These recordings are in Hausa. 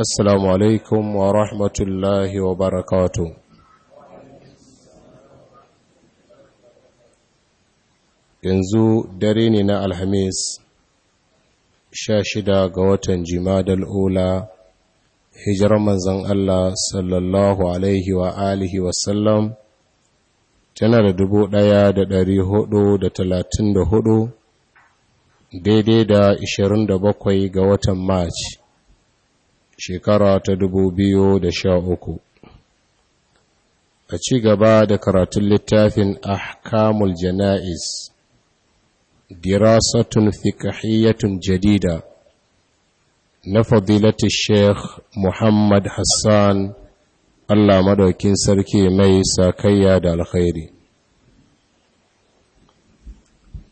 Assalamu alaikum wa rahmatullahi wa barakatu. Yanzu dare ne na Alhamis, sha shida ga watan Jimadal Ula, hijirar manzan Allah sallallahu Alaihi wa alihi tana da dubu ɗaya da ɗari hudu da talatin da hudu, daidai da ishirin da bakwai ga watan Maci. shekara ta dubu biyu da sha uku. a ci gaba da karatun littafin ahkamul jana'iz dirasatun fiqhiyyatun jadida na fadilati sheikh muhammad hassan allah madaukin sarki mai sakayya da alkhairi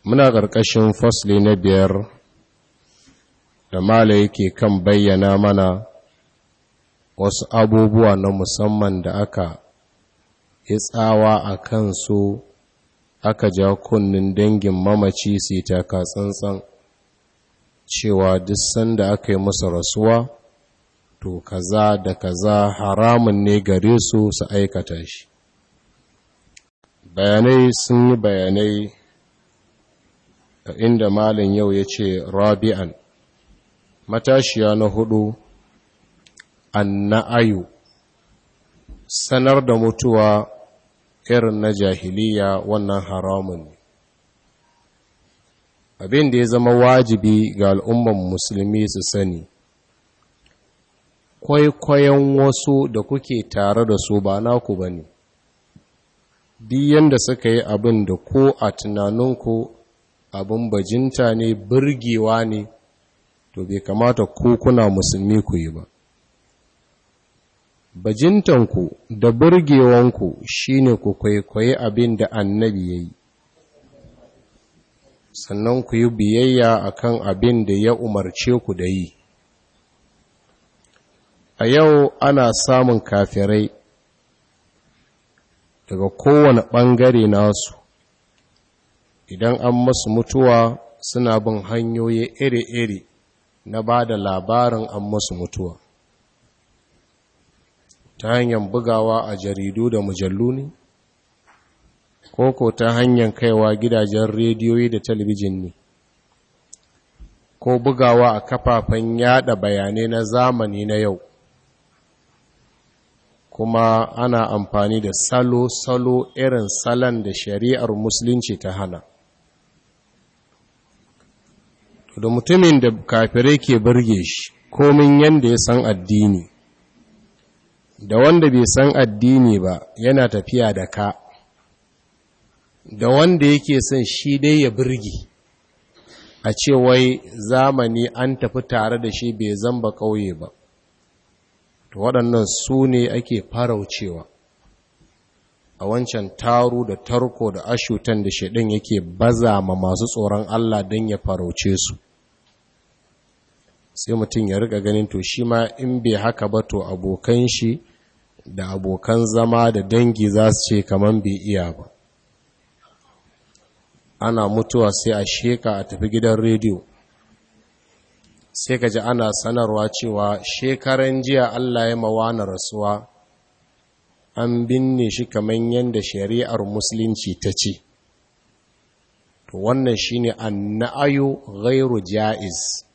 muna ƙarƙashin fasli na biyar da mala yake kan bayyana mana wasu abubuwa na musamman da aka yi tsawa a kansu aka ja kunnin dangin mamaci su yi taka cewa duk sanda aka yi musu rasuwa to kaza da kaza haramun ne gare su su aikata shi bayanai sun yi bayanai inda malin yau ya ce rabi'an matashiya na hudu anna'ayu sanar da mutuwa irin na jahiliya wannan haramun ne abin da ya zama wajibi ga al'umman musulmi su sani kwaikwayon wasu da kuke tare da su ba naku ba ne diyan da suka yi abin da ko a tunaninku abin bajinta ne birgewa ne to bai kamata ko kuna musulmi ku yi ba bajintanku da burgewanku shine ku kwaikwayi abin da annabi ya yi sannan ku yi biyayya akan abin da ya umarce ku da yi a yau ana samun kafirai daga kowane ɓangare nasu idan an masu mutuwa suna bin hanyoyi iri-iri na ba da labarin an masu mutuwa ta hanyar bugawa a jaridu da mujallu ne koko ta hanyar kaiwa gidajen rediyoyi da talabijin ne ko bugawa a kafafen yada bayanai na zamani na yau kuma ana amfani da salo-salo irin salon da shari'ar musulunci ta hana da mutumin da kafirai ke birge shi komin yadda ya san addini da wanda bai san addini ba yana tafiya da ka da wanda yake son shi dai ya birgi a ce wai zamani an tafi tare da shi bai zamba ƙauye ba to waɗannan su ne ake faraucewa a wancan taru da tarko da ashutan da shaɗin yake baza ma masu tsoron Allah don ya farauce su sai mutum ya rika ganin to shi ma in bai haka ba to abokan shi da abokan zama da dangi za su ce kaman bai iya ba ana mutuwa sai a sheka a tafi gidan rediyo sai ka ji ana sanarwa cewa shekaran jiya Allah ya mawana rasuwa an binne shi kaman yadda shari'ar musulunci ta ce to wannan shine anna'ayu ghairu ja'iz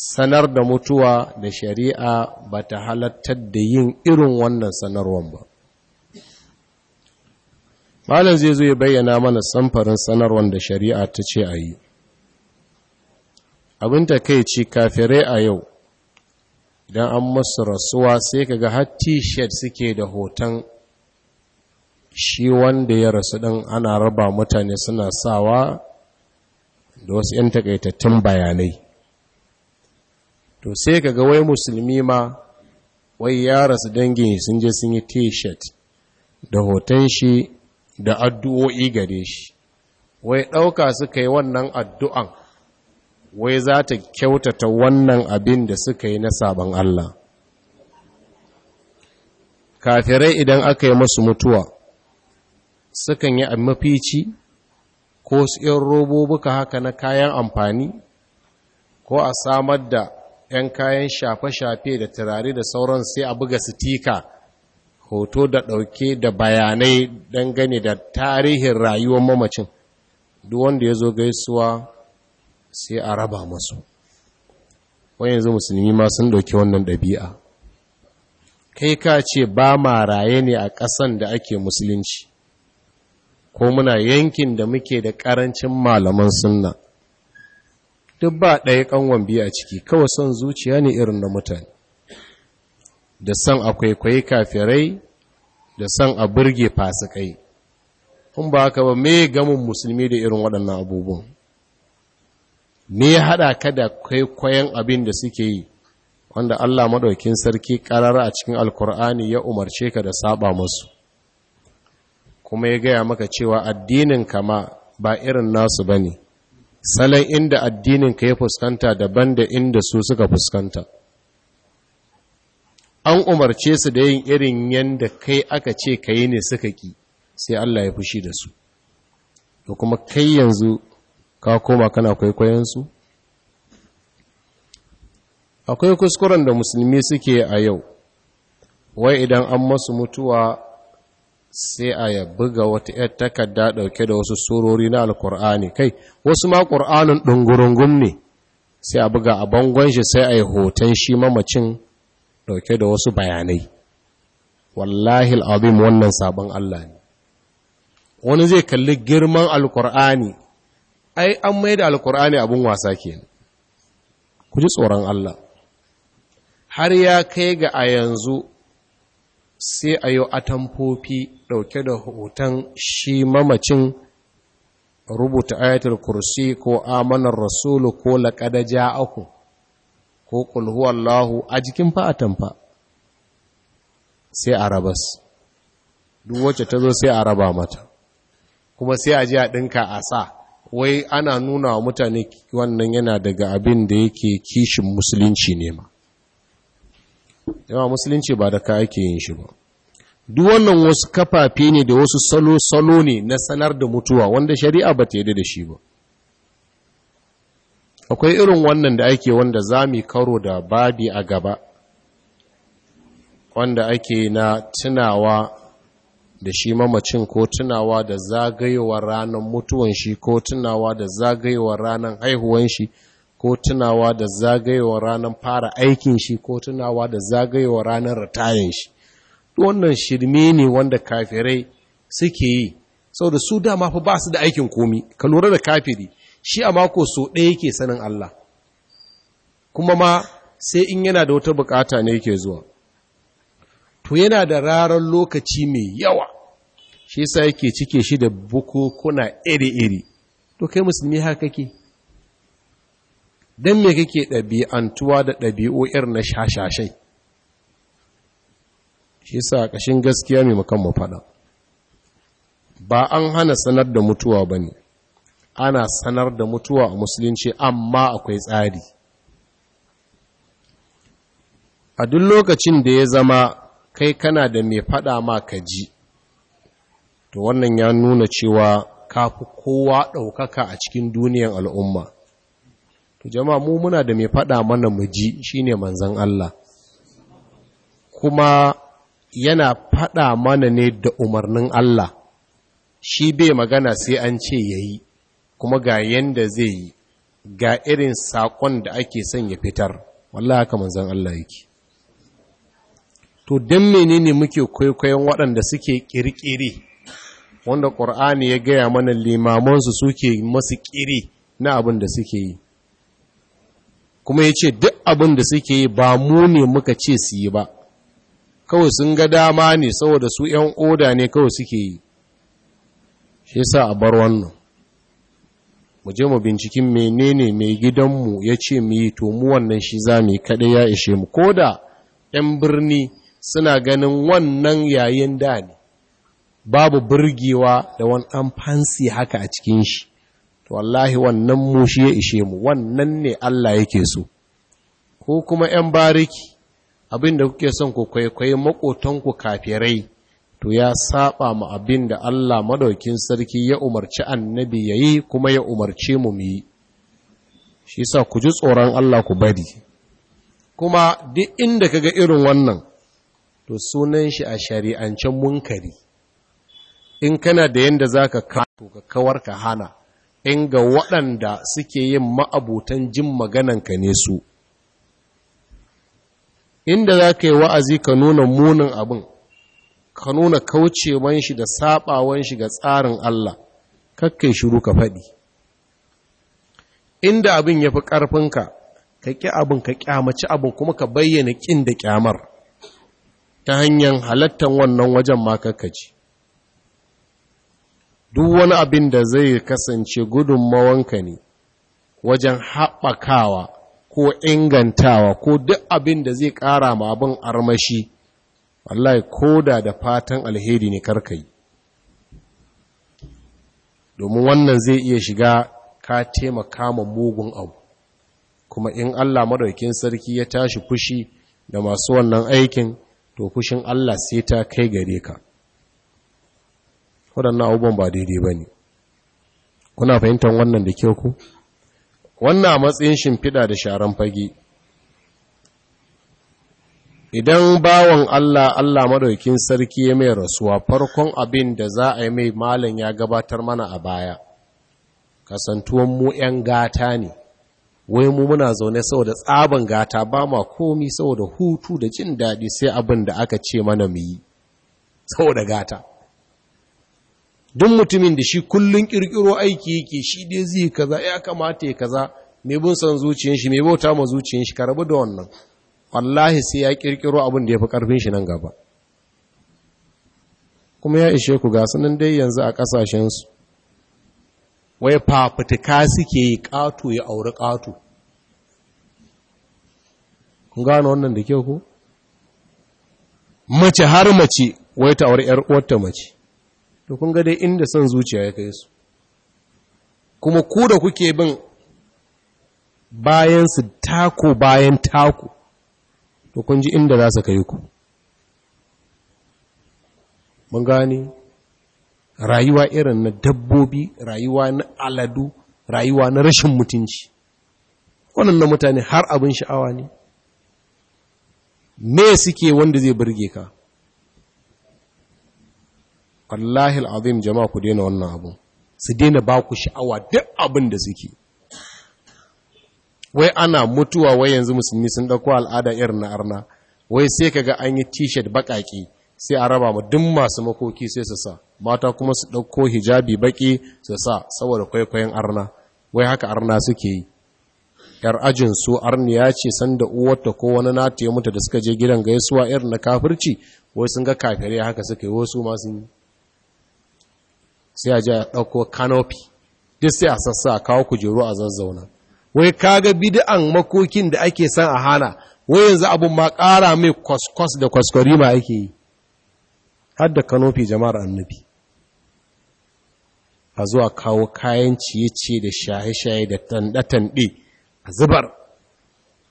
sanar da mutuwa da shari'a ba ta halattar da yin irin wannan sanarwar ba malam zai zo ya bayyana mana samfarin sanarwar da shari'a ta ce a yi abin ta kai ci kafirai a yau idan an masu rasuwa sai kaga har t-shirt suke da hoton shi wanda ya rasu ɗin ana raba mutane suna sawa da wasu 'yan takaitattun bayanai to sai ka ga wai musulmi ma wai ya rasu dangin sun je sun yi t-shirt da hoton shi da addu'o'i gare shi wai ɗauka suka yi wannan addu'an wai za ta kyautata wannan abin da suka yi na sabon Allah kafirai idan aka yi masu mutuwa sukan yi mafici ko su ‘yan robobuka haka na kayan amfani ko a samar da 'yan kayan shafe-shafe da turare da sauran sai a buga sitika hoto da ɗauke da bayanai dangane da tarihin rayuwar mamacin duk wanda ya zo gaisuwa sai a raba masu wani yanzu musulmi ma sun ɗauki wannan ɗabi'a kai ka ce ba ma raye ne a ƙasan da ake musulunci ko muna yankin da muke da ƙarancin malaman sunna duk ba ɗaya ƙanwan biya a ciki kawai son zuciya ne irin na mutane da son akwaikwai kafirai da son a burge fasikai in ba haka ba me gamin musulmi da irin waɗannan abubuwan me ya haɗa ka da kwaikwayon abin da suke yi wanda Allah maɗaukin sarki ƙarara a cikin alkur'ani ya umarce ka da saba masu kuma ya gaya maka cewa addinin kama ba irin nasu ba ne salon inda addinin ka ya fuskanta daban da inda su suka fuskanta an umarce su da yin irin yanda kai aka ce ka yi ne suka ki sai Allah ya fushi da su da kuma kai yanzu ka koma kana kwaikwayensu akwai kuskuren da musulmi suke a yau wai idan an masu mutuwa sai a ya buga wata ‘yar takarda ɗauke da wasu surori na alkur'ani kai wasu ma ƙur'anin ɗungurungun ne sai a buga a bangon shi sai a yi hoton shi mamacin ɗauke da wasu bayanai wallahi al'abim wannan sabon Allah ne wani zai kalli girman alkur'ani ai an mai da alkur'ani abin wasa ke. ku ji tsoron Allah har ya kai ga a yanzu sai a yi atamfofi ɗauke da hoton shi mamacin rubuta ayatul kursi ko amanar rasulu ko laƙada ja'aku ko ƙulhuwallahu a jikin fa'atan fa sai a rabas duk wacce ta zo sai a raba mata kuma sai a ji a ɗinka a sa wai ana nuna wa mutane wannan yana daga abin da yake kishin musulunci ne ma yawa musulunci ba da ka ake yin shi ba duk wannan wasu kafafe ne da wasu salo-salo ne na sanar da mutuwa wanda shari'a ba ta da shi ba akwai irin wannan da ake wanda za mu karo da babi a gaba wanda ake na tunawa da shi mamacin ko tunawa da zagayowar ranar mutuwan shi ko tunawa da zagayowar ranar haihuwan shi ko tunawa da zagayewa ranar fara aikin shi ko tunawa da zagayewa ranar ratayen shi wannan shirme ne wanda kafirai suke yi saboda su dama fa ba su da aikin komi ka lura da kafiri shi a mako so ɗaya yake sanin Allah kuma ma sai in yana da wata bukata ne yake zuwa to yana da rarar lokaci mai yawa shi yasa yake cike shi da bukukuna iri-iri to kai musulmi haka kake don me kake ɗabi'antuwa da ɗabi'o'ir na shashashai shi sa ƙashin gaskiya mai makon mafaɗa faɗa ba an hana sanar da mutuwa ba ne ana sanar da mutuwa a musulunci amma akwai tsari a duk lokacin da ya zama kai kana da mai faɗa ma ka ji to wannan ya nuna cewa kafi kowa ɗaukaka a cikin duniyan al'umma to jama'a mu muna da mai faɗa mana muji shine manzon Allah kuma yana faɗa mana ne da umarnin Allah shi bai magana sai an ce yayi kuma ga yanda zai yi ga irin sakon da ake son ya fitar wallahi haka manzon Allah yake to dan menene muke kwaikwayon waɗanda suke ƙirƙiri wanda Qur'ani ya gaya mana limamansu suke masu ƙiri na abin da suke yi kuma ya ce duk abin da suke yi ba mu ne muka ce su yi ba kawai sun ga dama ne saboda su 'yan oda ne kawai suke yi shi sa a bar wannan mu je mu binciken menene mai gidanmu ya ce mu yi to mu wannan shi za mu yi kaɗai ya ishe mu ko da 'yan birni suna ganin wannan yayin da ne babu birgewa da wani an fansi haka a cikin shi wallahi wannan mu ya ishe mu wannan ne Allah yake so ko kuma ‘yan bariki abinda kuke son ku kwaikwayi ku kafirai to ya saba mu abinda Allah madaukin sarki ya umarci annabi ya yi kuma ya umarci mu mu yi shi sa ku ji tsoron Allah ku bari kuma duk inda kaga irin wannan to sunan shi a shari'ancen munkari in kana da yanda zaka ka kawar ka hana in ga waɗanda suke yin ma'abutan jin magananka ne su inda za ka yi wa'azi ka nuna munin abin ka nuna kaucewan shi da saɓawan shi ga tsarin Allah kakkai shiru ka faɗi inda abin ya fi ƙarfinka ka ƙi abin ka ƙyamaci abin kuma ka bayyana ƙin da ƙyamar ta hanyar halattan wannan wajen ma ci. duk wani abin da zai kasance gudunmawanka ne wajen haɓakawa ko ingantawa ko duk abin da zai ƙara ma abin armashi wallahi koda da fatan alheri ne karkai domin wannan zai iya shiga ka taimaka ma mugun abu kuma in Allah madaukin sarki ya tashi fushi da masu wannan aikin to fushin Allah sai ta kai gare ka waɗannan abubuwan ba daidai ba ne kuna fahimtar wannan da kyau ku wannan a matsayin shimfiɗa da sharan fage idan bawan Allah Allah maɗaukin sarki ya mai rasuwa farkon abin da za a yi mai malam ya gabatar mana a baya kasantuwan mu 'yan gata ne wai mu muna zaune saboda tsaban gata ba ma komi saboda hutu da jin daɗi sai abin da aka ce mana mu yi saboda gata duk mutumin da shi kullun kirkiro aiki yake shi dai zai kaza ya kamata ya kaza mai bin san zuciyar shi mai bauta ma zuciyar shi karabu da wannan wallahi sai ya kirkiro abin da ya fi karfin shi nan gaba kuma ya ishe ku ga sunan dai yanzu a kasashensu wai fafutuka suke yi ƙato ya auri ƙato kun gano wannan da kyau ku mace har mace wai ta auri 'yar uwarta mace to kun ga dai inda son zuciya ya kai su kuma ku da kuke bin bayan su tako bayan tako to kun ji inda za su kai ku mun gani rayuwa irin na dabbobi rayuwa na aladu rayuwa na rashin mutunci waɗannan mutane har abin sha'awa ne me suke wanda zai burge ka wallahi azim jama'a ku daina wannan abu su daina ba ku sha'awa duk abin da suke wai ana mutuwa wai yanzu musulmi sun ɗauko al'ada irin na arna wai sai ka ga an yi t-shirt baƙaƙi sai a raba mu duk masu makoki sai su sa mata kuma su ɗauko hijabi baƙi su sa saboda kwaikwayon arna wai haka arna suke yi yar ajin su arniya ce sanda uwarta ko wani nata ya mutu da suka je gidan gaisuwa irin na kafirci wai sun ga kafirai haka suka yi wasu masu yi sai a ji a ɗauko kanofi duk sai a sassa a kawo kujeru a zazzauna wai kaga bid'an makokin da ake san a hana wai yanzu abun ma ƙara mai kwaskwas da kwaskwari ma ake yi har da kanofi jama'ar annabi a zuwa kawo kayan ciye-ciye da shaye-shaye da tanɗe-tanɗe a zubar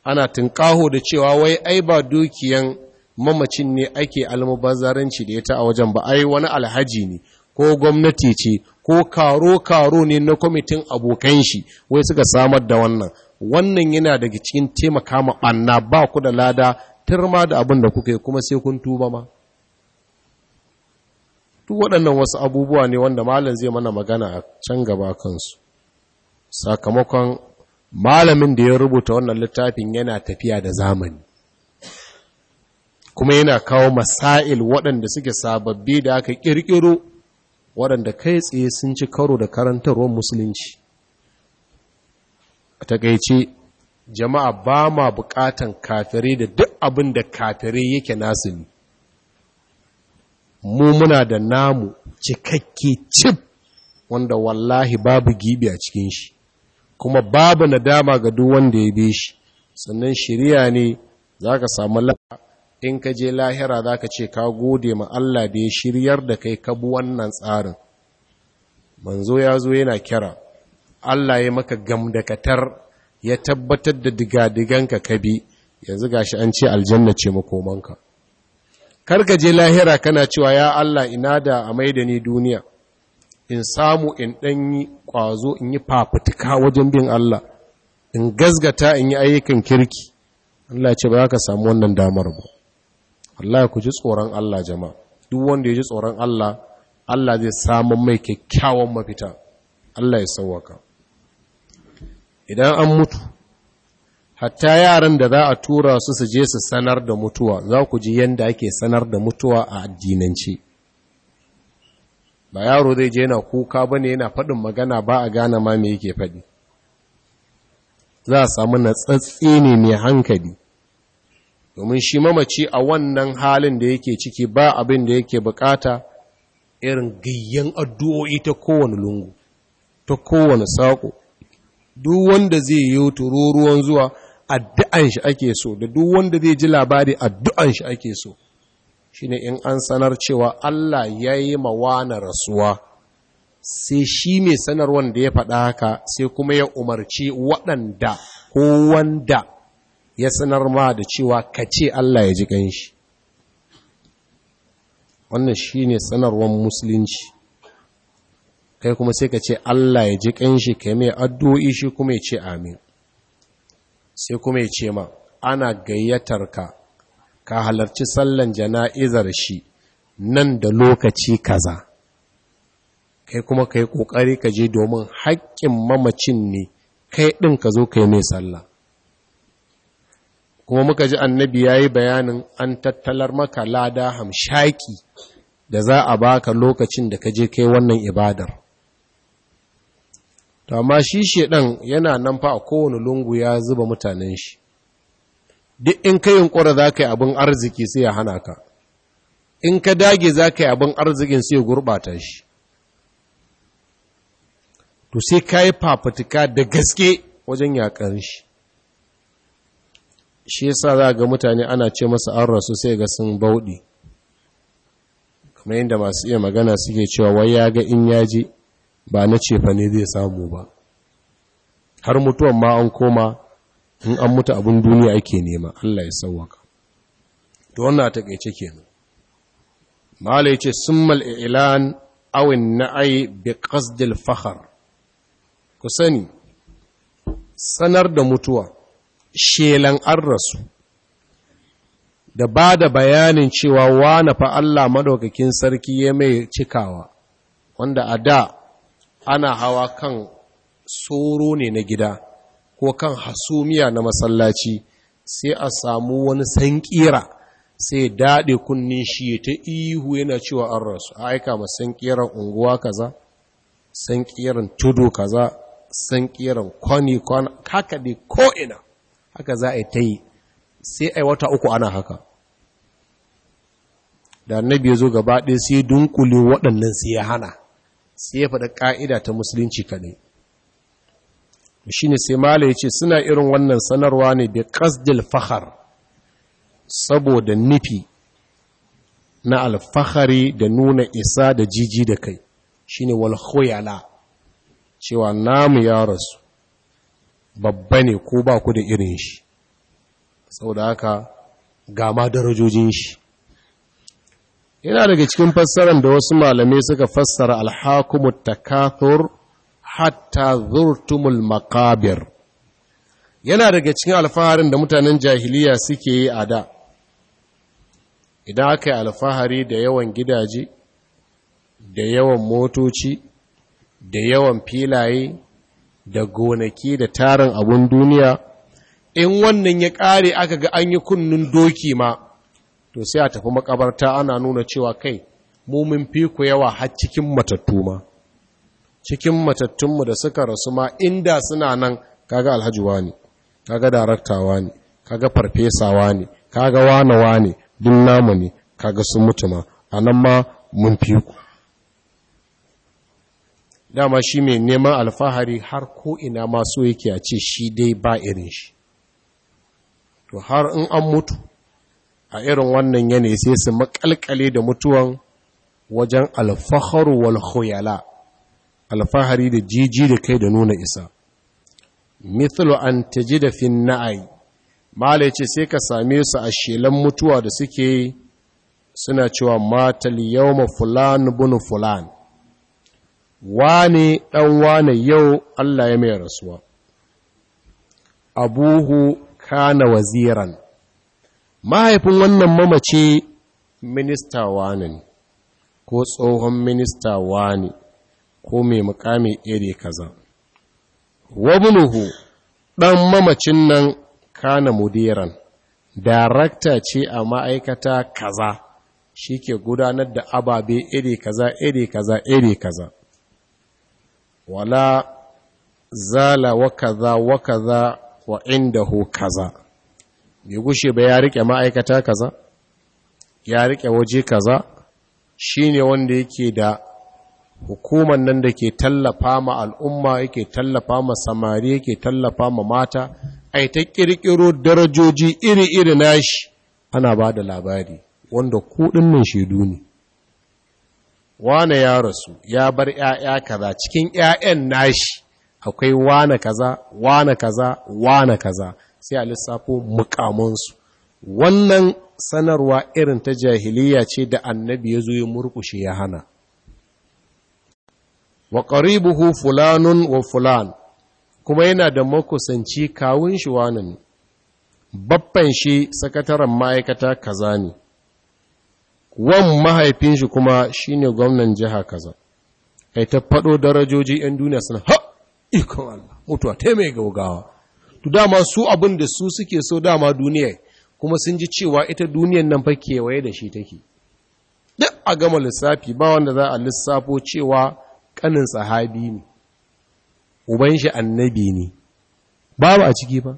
ana tunƙaho da cewa wai ai ba dukiyan mamacin ne ake almubazzaranci da ya ta a wajen ba ai wani alhaji ne ko gwamnati ce ko karo-karo ne na kwamitin abokan shi wai suka samar da wannan wannan yana daga cikin taimaka ma ɓanna ba ku da lada turma da abin da kuka yi kuma sai kun tuba ma duk waɗannan wasu abubuwa ne wanda malam zai mana magana a can gaba kansu sakamakon malamin da ya rubuta wannan littafin yana tafiya da zamani kuma yana kawo masail waɗanda suke sababbi da aka ƙirƙiro waɗanda kai tsaye sun ci karo da karantarwar musulunci a takaice jama'a ba ma buƙatan kafirai da duk abin da kafirai yake nasu ne mu muna da namu cikakke cib wanda wallahi babu gibi a cikin shi kuma babu nadama ga duk wanda ya bi shi sannan shirya ne za ka samu in ka je lahira za ka ce ka gode ma Allah da ya shiryar da kai ka bi wannan tsarin manzo ya zo yana kira Allah ya maka gamdakatar ya tabbatar da digadiganka ka bi yanzu gashi an ce aljanna ce makomanka kar ka je lahira kana cewa ya Allah ina da a maida ni duniya in samu in yi ƙwazo in yi fafutuka wajen bin Allah in gazgata in yi ayyukan kirki Allah ya ce ba ka samu wannan damar ba wallahi ku ji tsoron Allah jama'a duk wanda ya ji tsoron Allah Allah zai samu mai kyakkyawan mafita Allah ya sauwaka idan an mutu hatta yaran da za a tura su su je su sanar da mutuwa za ku ji yadda ake sanar da mutuwa a addinance ba yaro zai je yana kuka ba ne yana faɗin magana ba a gane ma me yake faɗi za a samu natsatsi ne mai hankali domin shi mamaci a wannan halin da yake ciki ba abin da yake bukata irin gayyan addu'o'i ta kowane lungu ta kowane saƙo duk wanda zai yi tururuwan zuwa addu'an shi ake so da duk wanda zai ji labari addu'an shi ake so shine in an sanar cewa Allah ya yi mawana rasuwa sai shi mai sanar wanda ya faɗa haka sai kuma ya umarci waɗanda ko wanda ya sanar ma da cewa ka ce Allah ya ji ganshi wannan shine sanarwar musulunci kai kuma sai ka ce Allah ya ji kanshi ka mai addu'o'i shi kuma ya ce amin sai kuma ya ce ma ana gayyatar ka ka halarci sallan jana'izar shi nan da lokaci kaza kai kuma kai ƙoƙari ka je domin haƙƙin mamacin ne kai ɗin ka zo kai mai sallah kuma muka ji annabi ya yi bayanin an tattalar maka lada hamshaki da za a baka lokacin da ka je kai wannan ibadar Ta ma shi shedan yana nan fa a kowane lungu ya zuba mutanen shi duk in ka yunkura za ka yi abin arziki sai ya hana ka in ka dage za ka yi abin arzikin sai ya gurɓata shi to sai ka yi fafatuka da gaske wajen yaƙar shi shi yasa za ga mutane ana ce masa an rasu sai ga sun bauɗi kamar yadda masu iya magana suke cewa wai ya ga in yaji ba na cefa ne zai samu ba har mutuwan ma an koma in an mutu abin duniya ake nema Allah ya sauwaka to wannan a takeice kenan malai ce summal ilan awin na'ai bi qasdil fakhar ku sani sanar da mutuwa shelan an rasu da ba da bayanin cewa wane fa Allah madaukakin sarki ya mai cikawa wanda a da ana hawa kan tsoro ne na gida ko kan hasumiya na masallaci sai a samu wani sankira sai daɗe kunnin shi ta ihu yana cewa an rasu a aika ma sankiran unguwa kaza sankiran tudu kaza sankiran kwani kwana kakaɗe ko'ina aka za a yi ta yi sai a wata uku ana haka da annabi ya zo gaba ɗaya sai dunkule waɗannan sai ya hana sai ya faɗa ƙa'ida ta musulunci kaɗai shi ne sai mala ya ce suna irin wannan sanarwa ne da ƙasdil fahar saboda nufi na alfahari da nuna isa da jiji da kai shi ne walhoyala cewa namu ya rasu babba ne ko ba ku da irin shi saboda haka ga ma darajojin shi yana daga cikin fassarar da wasu malamai suka fassara alhakumu takathur hatta zurtumul makabir yana daga cikin alfaharin da mutanen jahiliya suke yi a da idan aka yi alfahari da yawan gidaje da yawan motoci da yawan filaye da gonaki da tarin abun duniya in wannan ya ƙare aka ga an yi kunnun doki ma to sai a tafi makabarta ana nuna cewa kai mumin fi ku yawa har cikin matattu ma cikin matattunmu da suka rasu ma inda suna nan kaga alhajuwa ne kaga daraktawa ne kaga farfesawa ne kaga wanawa ne duk namu ne kaga sun mutu ma a nan ma mun fi dama shi mai neman alfahari har ko'ina masu yake a ce shi dai ba irin shi to har in an mutu a irin wannan yanayi sai su makalkale da mutuwan wajen alfaharu wal alfahari da jiji da kai da nuna isa mithlu an tajida fi na'i mala yace sai ka same su a shelan mutuwa da suke suna cewa matal yawma fulan bunu fulan wane ɗan wane yau Allah ya mai rasuwa abuhu kana waziran mahaifin wannan mamace minista wane ko tsohon minista wane ko mai mukami iri kaza wabunuhu ɗan mamacin nan kana mudiran darakta ce a ma'aikata kaza shi ke gudanar da ababe iri kaza iri kaza iri kaza wala zala wa kaza wa kaza wa indahu kaza bai gushe ba ya rike ma'aikata kaza ya rike waje kaza shine wanda yake da hukumar nan da ke tallafa ma al'umma yake tallafa ma samari yake tallafa ma mata ai ta kirkiro darajoji iri-iri nashi ana ba da labari wanda kudin nan shaidu ne wane ya rasu ya bar ‘ya'ya kaza cikin ‘ya'yan nashi akwai wane kaza wane kaza wane kaza sai a lissafo mukamansu wannan sanarwa irin ta jahiliya ce da annabi ya zo murkushe ya hana wa ƙaribuhu fulanun wa fulan kuma yana da makusanci kawun shi ne, baffan shi sakataren ma'aikata kaza ne wan mahaifin shi kuma shine gwamnan jiha kaza ai ta fado darajoji yan duniya suna ha iko Allah mutuwa ta mai gaugawa to dama su abin da su suke so dama duniya kuma sun ji cewa ita duniyan nan fa kewaye da shi take duk a gama lissafi ba wanda za a lissafo cewa kanin sahabi ne uban shi annabi ne babu a ciki ba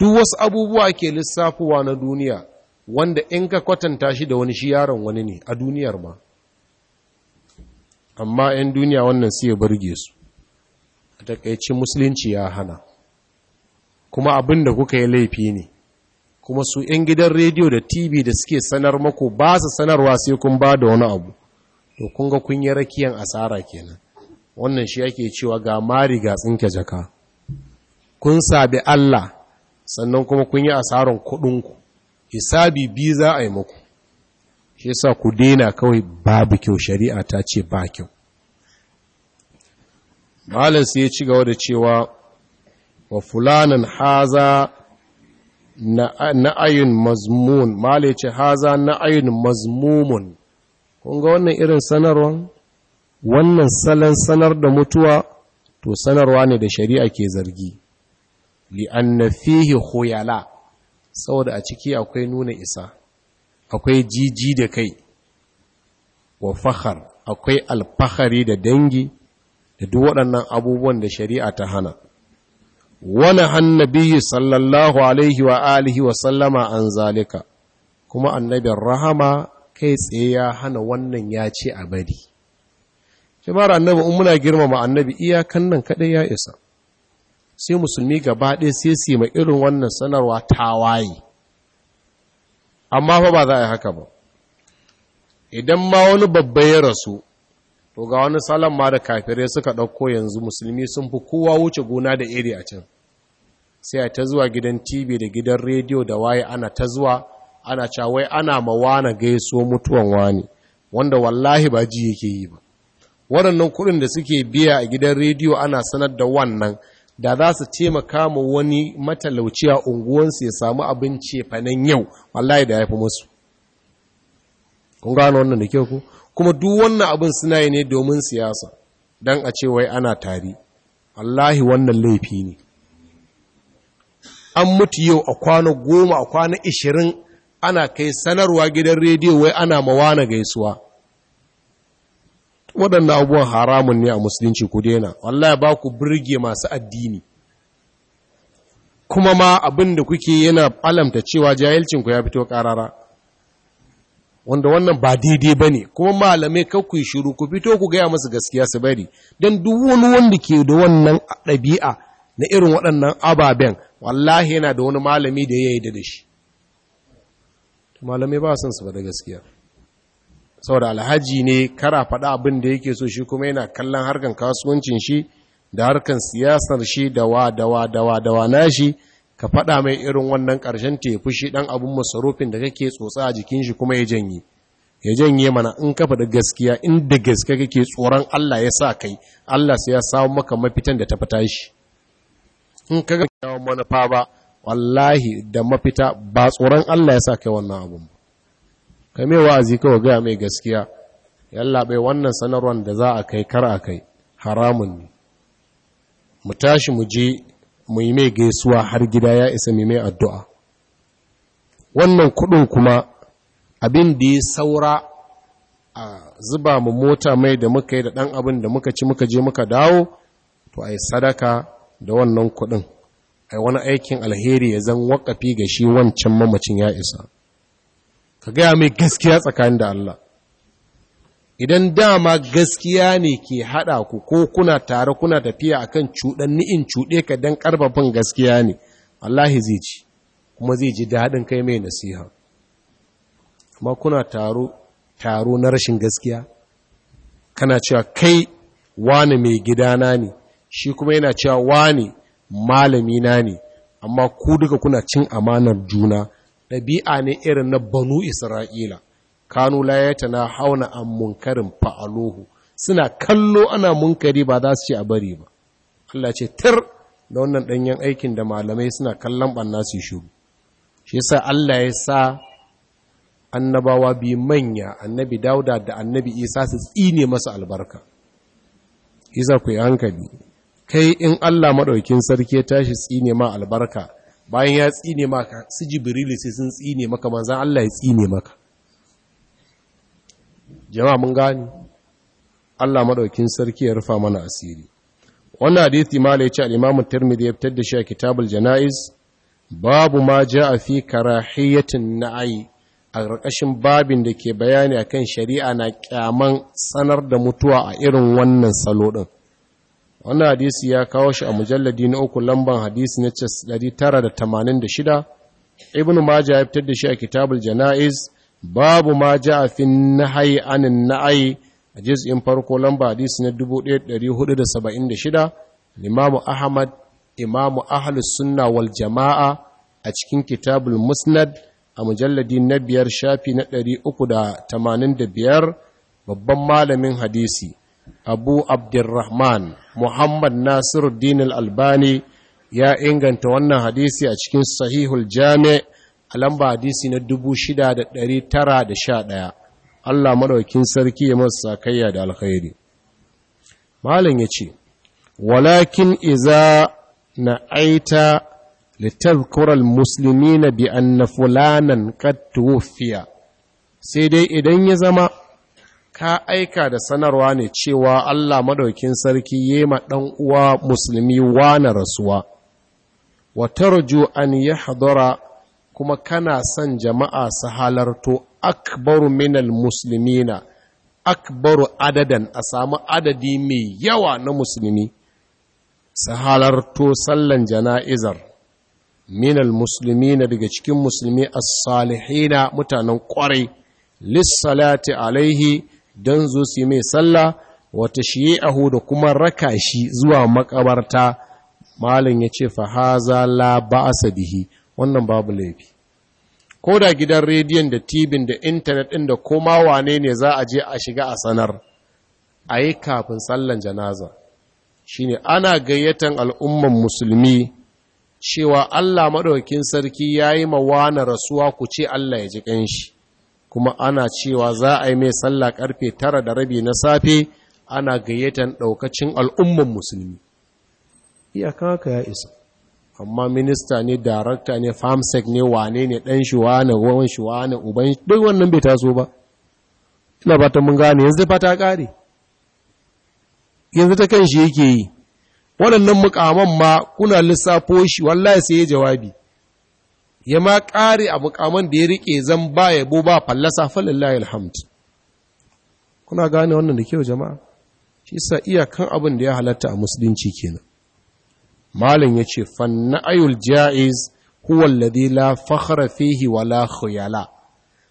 duk wasu abubuwa ke lissafowa na duniya wanda in ka kwatanta shi da wani shi yaron wani ne a duniyar ma amma 'yan duniya wannan su ya burge su a takaici musulunci ya hana kuma abin da kuka yi laifi ne kuma su 'yan gidan rediyo da tv da suke sanar mako ba su sanarwa sai kun ba da wani abu to kun ga kun yi rakiyan asara kenan wannan shi ake cewa ga mari ga tsinke jaka kun sabi Allah sannan kuma kun yi asaran kuɗinku hisabi bi za a yi muku shi sa ku daina kawai babu kyau shari'a ta ce ba kyau malam sai ya ci gaba da cewa wa fulanin haza na ayin mazmun malam ya ce haza na ayin mazmumun kun ga wannan irin sanarwar, wannan salon sanar da mutuwa to sanarwa ne da shari'a ke zargi na hoyala saboda a ciki akwai nuna isa akwai jiji da kai wa fahar akwai alfahari da dangi da duk waɗannan abubuwan da shari'a ta hana wani hannabi sallallahu alaihi wa alihi wa sallama an zalika kuma annabin rahama kai tsaye ya hana wannan ya ce a bari mara annabi in muna girmama annabi iyakan nan kaɗai ya isa sai musulmi gaba ɗaya sai su yi irin wannan sanarwa tawaye amma fa ba za a yi haka ba idan ma wani babba ya rasu to ga wani salon ma da kafirai suka ɗauko yanzu musulmi sun fi kowa wuce gona da iri a can sai a ta zuwa gidan tv da gidan rediyo da waye ana ta zuwa ana cawai ana mawana gaiso mutuwan wani wanda wallahi ba ji yake yi ba waɗannan kuɗin da suke biya a gidan rediyo ana sanar da wannan da za su ce makama wani matalauci a unguwansu ya samu abin cefanen yau wallahi da ya fi musu kun gano wannan da kyau ku kuma duk wannan abin suna yi ne domin siyasa don a ce wai ana tari wallahi wannan laifi ne an mutu yau a kwana goma a kwana ishirin ana kai sanarwa gidan rediyo wai ana mawana gaisuwa waɗannan abubuwan haramun ne a musulunci ku daina wallahi ba ku burge masu addini kuma ma abin da kuke yana alamta cewa jahilcinku ya fito ƙarara wanda wannan ba daidai ba ne kuma malamai kakwai shiru ku fito ku gaya masu gaskiya su bari don duk wani wanda ke da wannan ɗabi'a na irin waɗannan ababen wallahi yana da wani malami da ya yi da shi malamai ba son su ba da gaskiya saboda alhaji ne kara faɗa abin da yake so shi kuma yana kallon harkan kasuwancin shi da harkan siyasar shi da wa da wa da wa da wa na shi ka faɗa mai irin wannan karshen ta shi fushi ɗan abin masarufin da kake tsotsa a jikin shi kuma ya janye ya janye mana in ka faɗi gaskiya inda gaske kake tsoron Allah ya sa kai Allah sai ya samu maka mafitan da ta fita shi in ka ga manufa ba wallahi da mafita ba tsoron Allah ya sa kai wannan abun kame wa'azi kawai gaya mai gaskiya yalla bai wannan sanarwar da za a kai kar a kai haramun ne mu tashi mu je mu yi mai gaisuwa har gida ya isa mai mai addu'a wannan kudin kuma abin da ya saura a zuba mu mota mai da muka yi da ɗan abin da muka ci muka je muka dawo to a yi sadaka da wannan kudin a wani aikin alheri ya zan wakafi ga shi wancan mamacin ya isa ka gaya mai gaskiya tsakanin da Allah idan dama gaskiya ne ke haɗa ku ko kuna tare kuna tafiya akan cuɗan ni'in cuɗe ka don ƙarfafin gaskiya ne wallahi zai ci kuma zai ji daɗin kai mai nasiha amma kuna taro taro na rashin gaskiya kana cewa kai wani mai gidana ne shi kuma yana cewa wani malami na ne amma ku duka kuna cin amanar juna ɗabi'a ne irin na banu isra'ila kanu ya na hauna an munkarin fa'alohu suna kallo ana munkari ba za su ce a bari ba Allah ce tir da wannan ɗanyen aikin da malamai suna kallon ɓanna su shuru shi sa Allah ya sa annabawa bi manya annabi dauda da annabi isa su tsine masu albarka isa ku yi hankali kai in Allah maɗaukin sarki ya tashi tsine ma albarka bayan ya tsine maka su jibrilu sai sun tsine maka manzan Allah ya tsine maka jama'a mun gani Allah madaukin sarki ya rufa mana asiri wannan hadisi malai ce al-Imam Tirmidhi ya fitar da shi a Kitabul Janaiz babu ma ja'a fi karahiyatin na'i a ƙarƙashin babin da ke bayani akan shari'a na kyaman sanar da mutuwa a irin wannan salo din wannan hadisi ya kawo shi a mujalladi na uku lamban hadisi na 986 ibnu maja ya fitar da shi a kitabul janaiz babu ma a fi nahyi anin na'i a juz'in farko lamba hadisi na 1476 limamu ahmad imamu ahalus sunna wal jama'a a cikin kitabul musnad a mujalladi na biyar shafi na 385 babban malamin hadisi abu abdurrahman muhammad nasiruddin albani ya inganta wannan hadisi a cikin sahihul jami a lamba hadisi na 6,911 allah maɗaukin sarki ya masu sakayya da alkhairi malin ya ce walakin iza na aita kural musulmi na bi'an na fulanan kattuwofiya sai dai idan ya zama ka aika da sanarwa ne cewa Allah madaukin sarki yema dan uwa musulmi wana rasuwa wa tarju an yahdara kuma kana son jama'a su halarto akbaru minal muslimina akbaru adadan a samu adadi mai yawa na musulmi su halarto sallan jana'izar minal muslimina daga cikin musulmi as-salihina mutanen kwarai lissalati alaihi don zo su mai sallah wata shiye aho da kuma raka shi zuwa makabarta malin ya ce fahaza la ba'asa bihi wannan babu laifi ko da gidan rediyon da tibin da intanet ɗin da koma wane ne za a je a shiga a sanar a yi kafin sallan janaza shine ana gayyatan al'umman musulmi cewa Allah maɗaukin sarki ya yi mawa na rasuwa ku ce Allah ya ji ƙanshi kuma ana cewa za a yi mai sallah karfe tara da rabi na safe ana gayyatan ɗaukacin al'umman musulmi iyaka ka ya isa amma minista ne darakta ne famsec ne wane ne ɗan shuwa ne, wawan shuwa ne, uban duk wannan bai taso ba ina ba ta mun gane yanzu fa ta ƙare yanzu ta kan shi yake yi waɗannan muƙaman ma kuna lissafo shi wallahi sai ya jawabi ya ma ƙare a mukaman da ya riƙe zan ba ya bo ba fallasa falillahi alhamd kuna gane wannan da kyau jama'a shi sa iyakan abin da ya halatta a musulunci kenan malam ya ce ayul ja'iz huwa alladhi la fakhra fihi wa la khuyala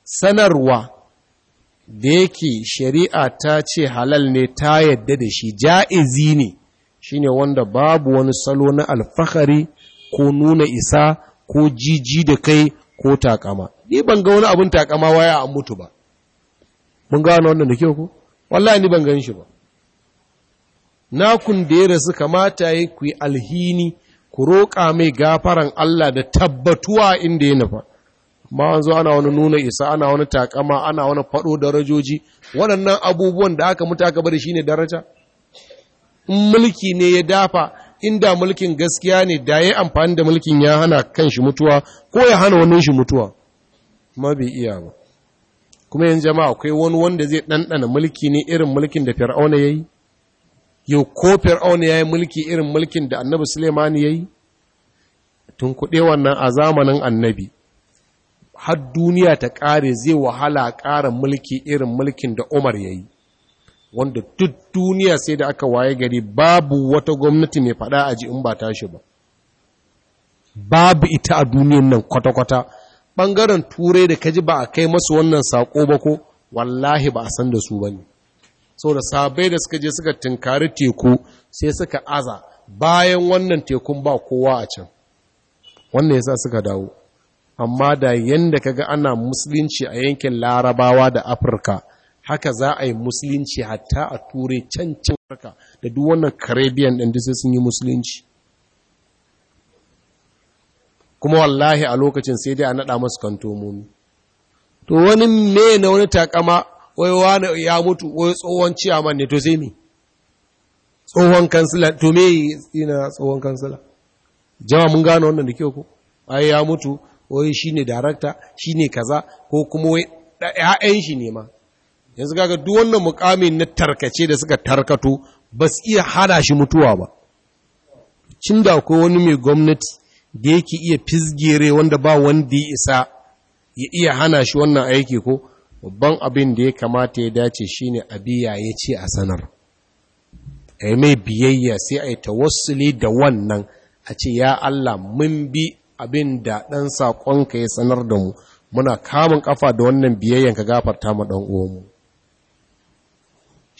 sanarwa da yake shari'a ta ce halal ne ta yadda da shi ja'izi ne shine wanda babu wani salo na alfahari ko nuna isa ko jiji da kai ko takama ni ban ga wani abin takama waya an mutu ba mun gano wannan da kyau ko wallahi ni ban gan shi ba nakun da ya rasu kamata ya ku alhini ku roƙa mai gafaran Allah da tabbatuwa inda ya nufa amma an ana wani nuna isa ana wani takama ana wani faɗo darajoji waɗannan abubuwan da aka mutu aka shi ne daraja in mulki ne ya dafa inda mulkin gaskiya ne da ya amfani da mulkin ya hana kan shi mutuwa ko ya hana wani shi mutuwa ma bai iya ba kuma yin jama'a akwai wani wanda zai ɗanɗana mulki ne irin mulkin da fir'auna ya yi yau ko fir'auna ya yi mulki irin mulkin da annabi sulemani ya yi tun kuɗe wannan a zamanin annabi har duniya ta ƙare zai wahala ƙara mulki irin mulkin da umar ya yi wanda duk duniya sai da aka waye gari babu wata gwamnati mai fada a ji in ba tashi ba babu ita a duniyan nan kwata-kwata ɓangaren turai da kaji ba a kai masu wannan saƙo ba ko wallahi ba a san da su ba ne da sabai da suka je suka tunkari teku sai suka aza bayan wannan tekun ba kowa a can wannan yasa suka dawo amma da yanda kaga ana musulunci a yankin larabawa da afirka haka za a yi musulunci hatta a ture can can da duk wannan caribbean ɗin sai sun yi musulunci kuma wallahi a lokacin sai dai a naɗa masu kantomomi to wani me na wani takama wai wani ya mutu wai tsohon ciyaman ne to sai me tsohon kansila to me ina tsohon kansila jama mun gano wannan da kyau ko ai ya mutu wai shine darakta shine kaza ko kuma wai ƴaƴan shi ne ma yanzu kaga duk wannan mukamin na tarkace da suka tarkato ba su iya hada shi mutuwa ba cin da akwai wani mai gwamnati da yake iya fizgere wanda ba wanda ya isa ya iya hana shi wannan aiki ko babban abin da ya kamata ya dace shi shine abiya ya ce a sanar a yi mai biyayya sai a yi tawassuli da wannan a ce ya Allah mun bi abin da ɗan saƙonka ya sanar da mu muna kamun ƙafa da wannan biyayyan ka gafarta ma ɗan uwanmu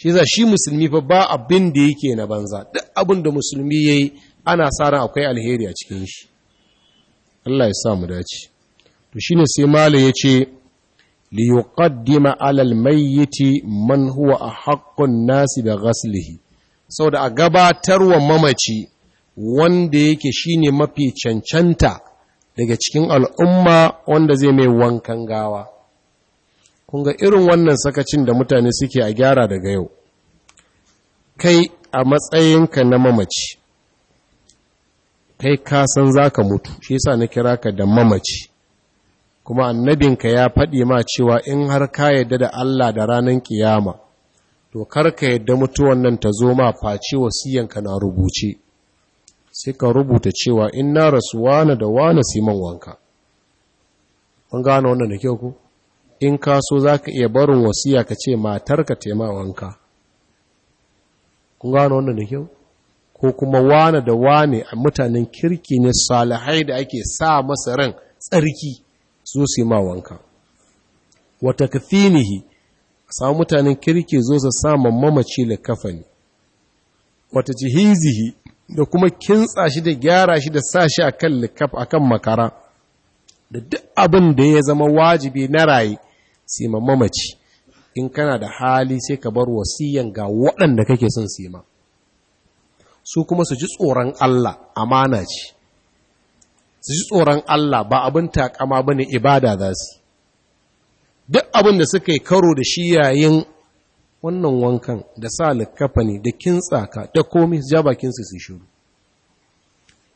shi za shi musulmi fa ba abin da yake na banza duk abin da musulmi yi ana tsara akwai alheri a cikin shi Allah ya sa mu dace to shine sai mala yace li yuqaddima ala almayyiti man huwa ahaqqun nasi bi ghaslihi saboda a gabatarwa mamaci wanda yake shine mafi cancanta daga cikin al'umma wanda zai mai wankan gawa kun ga irin wannan sakacin da mutane suke a gyara daga yau kai a matsayinka na mamaci kai ka san za ka mutu shi sa na kira ka da mamaci kuma annabinka ya faɗi ma cewa in har ka yadda da Allah da ranar kiyama to kar ka yadda mutuwan nan ta zo ma face wasiyanka na rubuce sai ka rubuta cewa in na rasuwa wane da wane siman wanka mun gane wannan da kyau ku in ka so za ka iya barin wasiya ka ce matarka tema wanka kun gano wannan da kyau ko kuma wane da wane a mutanen kirki ne salihai da ake sa masa ran tsarki zo su ma wanka wata kafinihi a samu mutanen kirki zo su sa mamaci da kafani wata jihizihi da kuma kintsa shi da gyara shi da sa shi a kan makara da duk abin da ya zama wajibi na raye sai ma mamaci in kana da hali sai ka bar wasiyan ga waɗanda kake son su su kuma su ji tsoron Allah amana ce su ji tsoron Allah ba abin takama bane ibada za su duk abin da suka yi karo da shi yayin wannan wankan da sa likafani da kintsaka da komai ja su su shiru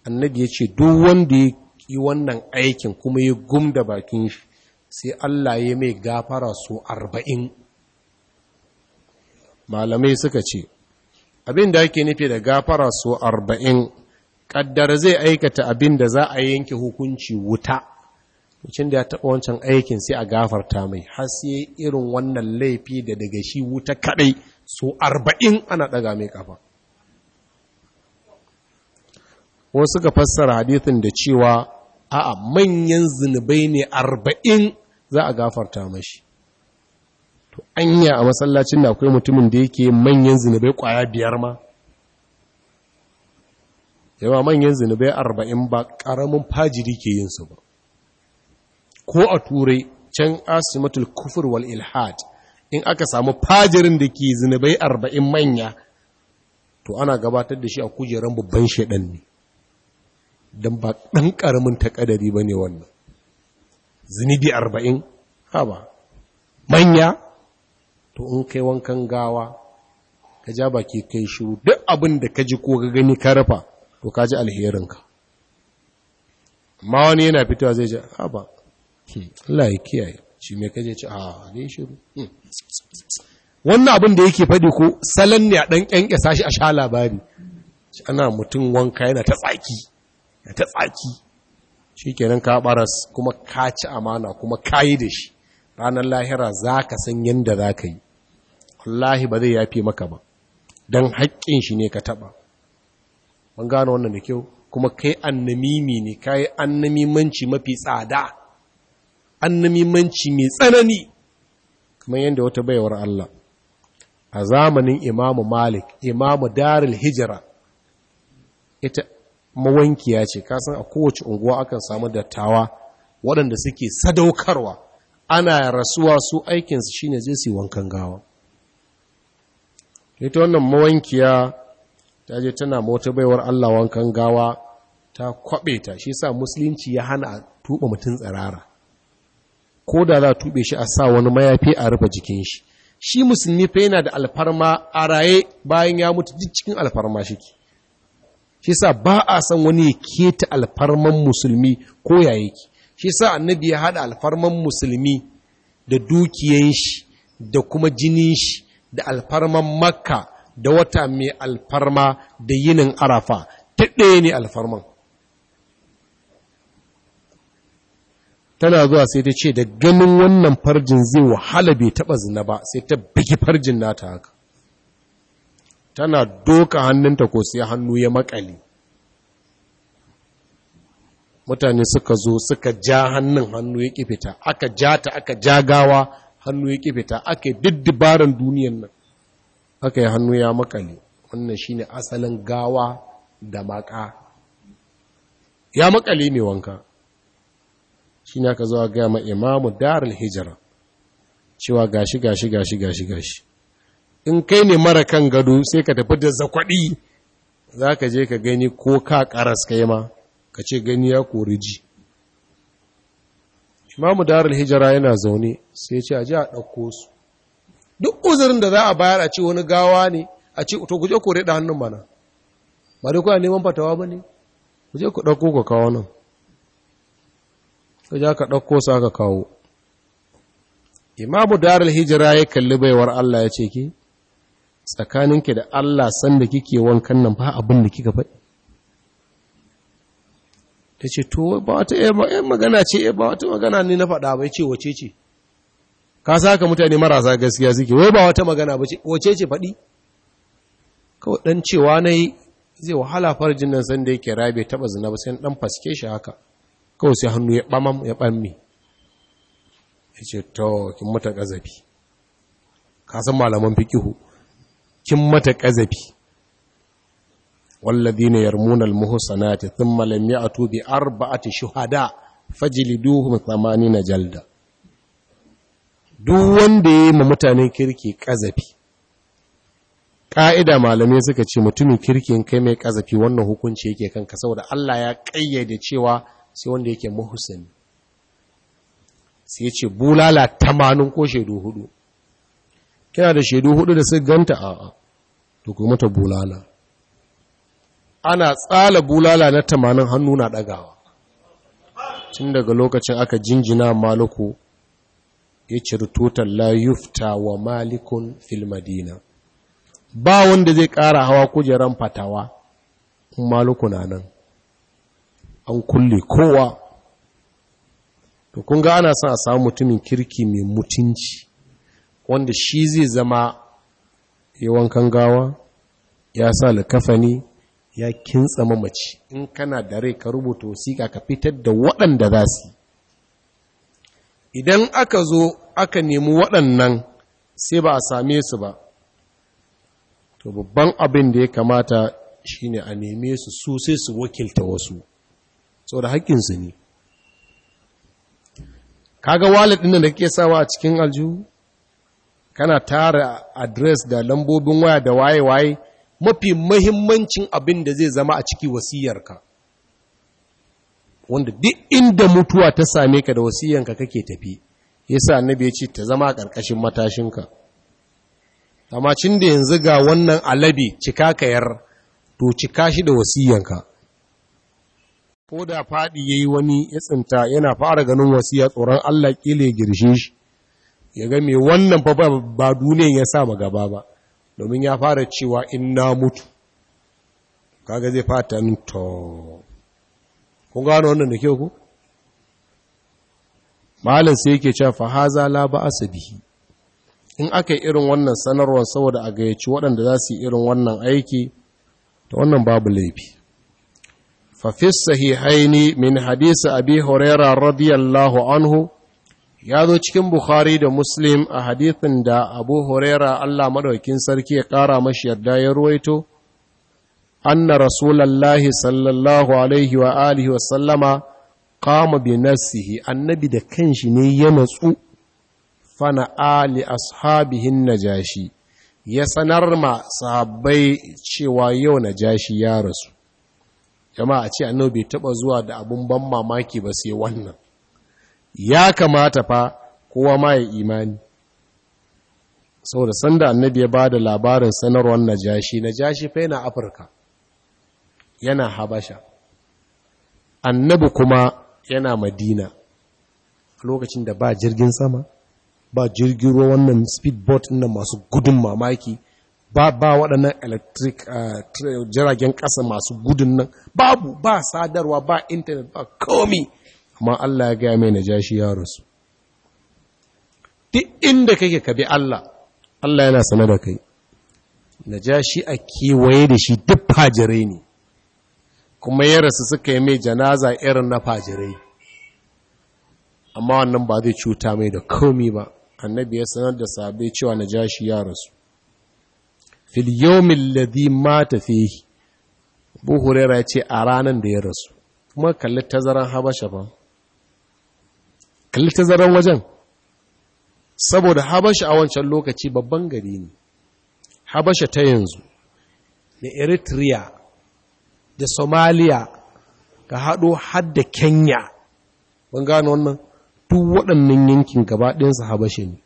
annabi ya ce duk wanda ya yi wannan aikin kuma ya da bakin shi sai Allah ya mai gafara su arba'in malamai suka ce abin da ake nufi da gafara su arba'in ƙaddara zai aikata abin da za a yanke hukunci wuta mucin da ya taɓa wancan aikin sai a gafarta mai hasi irin wannan laifi da daga shi wuta kaɗai su arba'in ana ɗaga mai ƙafa wasu ka fassara hadithin da cewa a'a manyan zunubai ne arba'in za a gafarta mashi to anya a masallacin na akwai mutumin da yake manyan zunubai kwaya biyar ma yawa manyan zunubai arba'in ba ƙaramin fajiri ke yin su ba ko a turai can asimatul kufur wal ilhad in aka samu fajirin da ke zunubai arba'in manya to ana gabatar da shi a kujerar babban shaɗan ne don ba ɗan ƙaramin taƙadari ba ne wannan zunubi arba'in haba manya to in kai wankan gawa ka ja baki kai shiru duk abin da ka ji ko ka gani ka rafa to ka ji alherinka amma wani yana fitowa zai ji haba Allah ya kiyaye shi mai kaje ci ah, a ne shiru hmm. wannan abin da yake faɗi ko salon ne a ɗan ƙyanƙyasa shi a sha labari ana mutum wanka yana ta tsaki da ta tsaki shi kenan ka baras kuma ka ci amana kuma ka yi da shi ranar lahira za ka san yadda za ka yi allahi ba zai yafe maka ba don haƙƙin shi ne ka taɓa ban gano wannan da kyau kuma kai annamimi ne kai annamimanci mafi tsada annamimanci mai tsanani kamar yadda wata baiwar Allah a zamanin imamu malik imamu darul hijira ita mawankiya ce kasan a kowace unguwa akan samu dattawa waɗanda suke sadaukarwa ana rasuwa su aikinsu shi ne zai su wankan gawa ita wannan mawankiya ta je tana mota baiwar Allah wankan gawa ta kwaɓe ta shi sa musulunci ya hana a tuba mutum tsirara ko da za a tube shi a sa wani mayafi a rufe jikin shi shi musulmi fa yana da alfarma a raye bayan ya mutu duk cikin alfarma shi ke. shi sa ba a san wani ya keta alfarman musulmi ko ya yake shi sa annabi ya haɗa alfarman musulmi da dukiyan shi da kuma jinin shi da alfarman makka da wata mai alfarma da yinin arafa ta ɗaya ne alfarman tana zuwa sai ta ce da ganin wannan farjin zai wahala bai taɓa zina ba sai ta bigi farjin nata haka tana doka hannunta ko sai hannu ya makali mutane suka zo suka ja hannun hannu ya kifita aka ja ta aka ja gawa hannu ya kifita aka diddibaran duniyan nan aka yi hannu ya makali wannan shine asalin gawa da maka ya makali ne wanka shine aka zo ga ma imamu darul hijira cewa gashi gashi gashi gashi gashi in kai ne mara kan gado sai ka tafi da zakwaɗi za ka je ka gani ko ka ƙaras kai ma ka ce gani ya kori ji imamu darul hijira yana zaune sai ce a ji a ɗauko su duk uzurin da za a bayar a ce wani gawa ne a ce to guje kore da hannun mana ba dai kuwa neman fatawa ba ne guje ku ɗauko ka kawo nan sai ka ɗauko su aka kawo imamu darul hijira ya kalli baiwar Allah ya ce ki ke da Allah sanda kike wankan nan ba abin da kika faɗi ta ce to ba wata yan magana ce ba wata magana ne na faɗa bai ce wace ce ka sa ka mutane marasa gaskiya suke wai ba wata magana ba ce wace ce faɗi kawai ɗan cewa na yi zai wahala farjin nan sanda yake rabe taɓa zina ba sai ɗan faske shi haka kawai sai hannu ya ɓamam ya ɓamme ya ce to kin mutan ƙazafi ka san malaman fikihu kin mata ƙazafi wallazina yarmuna almuhsanati thumma lam ya'tu bi arba'ati shuhada fajliduhum na jalda duk wanda ya yi ma mutanen kirki ƙazafi ƙa'ida malamai suka ce mutumin kirkin kai mai ƙazafi wannan hukunci yake kan kanka saboda Allah ya ƙayyade cewa sai wanda yake mahusani sai ce bulala tamanin ko shaidu hudu kina da shaidu hudu da su ganta a'a? to mata bulala ana tsala bulala na tamanin hannu na ɗagawa tun daga lokacin aka jinjina Maluku ya ciri tutar la yufta wa malikun fil ba wanda zai ƙara hawa kujeran fatawa Maluku na nan an kulle kowa to kun ga ana son a samu mutumin kirki mai mutunci wanda shi zai zama ya wankan gawa ya sa likafani ya kintsa mamaci in kana da rai ka rubuta wasiƙa ka fitar da waɗanda za su idan aka zo aka nemi waɗannan sai ba a same su ba to babban abin da ya kamata shine a neme su su sai su wakilta wasu saboda haƙƙinsu ne kaga walid ɗin da kake sawa a cikin aljihu kana tara adres da lambobin waya da waye-waye mafi mahimmancin abin da zai zama a ciki wasiyarka wanda duk inda mutuwa ta same ka da wasiyanka kake tafi yasa annabi ya ce ta zama a ƙarƙashin matashinka amma cin da yanzu ga wannan alabi cika ka yar to cika shi da wasiyanka ko da faɗi ya yi wani ya tsinta yana fara ganin wasiya tsoron Allah ƙile girshe shi ya ga mai wannan fa ba duniyan ya sa gaba ba domin ya fara cewa in na mutu kaga zai fata to kun gano wannan da ke ku malam sai yake cewa fa haza la ba bihi in aka yi irin wannan sanarwar saboda a gayyaci waɗanda za su yi irin wannan aiki ta wannan babu laifi fa fi sahihaini min hadisi abi hurairah radiyallahu anhu ya zo cikin Bukhari da Muslim a hadithin da Abu Huraira Allah madaukin sarki ya ƙara mashi yarda ya ruwaito, anna Rasulallahi sallallahu Alaihi wa alihi wa sallama kama bi nasihi annabi da kanshi ne ya matsu fana ali ashabihin najashi ya sanar ma sahabbai cewa yau najashi ya rasu jama'a ce annabi bai taba zuwa da abun ban mamaki ba sai wannan ya kamata fa kowa ma ya imani saboda sanda annabi ya ba da labarin sanarwar najashi najashi fa yana afirka yana habasha annabi kuma yana madina lokacin da ba jirgin sama ba jirgin ruwa wannan speedboat na masu gudun mamaki ba ba waɗannan electric eh, jiragen ƙasa masu gudun nan babu ba sadarwa ba intanet ba komi amma Allah ya gaya mai najashi ya rasu duk inda kake ka bi Allah Allah yana sana da kai najashi a kewaye da shi duk fajirai ne kuma ya rasu suka yi mai janaza irin na fajirai amma wannan ba zai cuta mai da komi ba annabi ya sanar da sabai cewa najashi ya rasu fil yawmin ladi mata fihi Abu ya ce a ranar da ya rasu kuma kalli tazaran Habasha ba kalli ta zaren wajen saboda habasha a wancan lokaci babban gari ne habasha ta yanzu da eritrea da somalia ka haɗo hadda kenya ban gano wannan duk waɗannan yankin gabaɗinsa habasha ne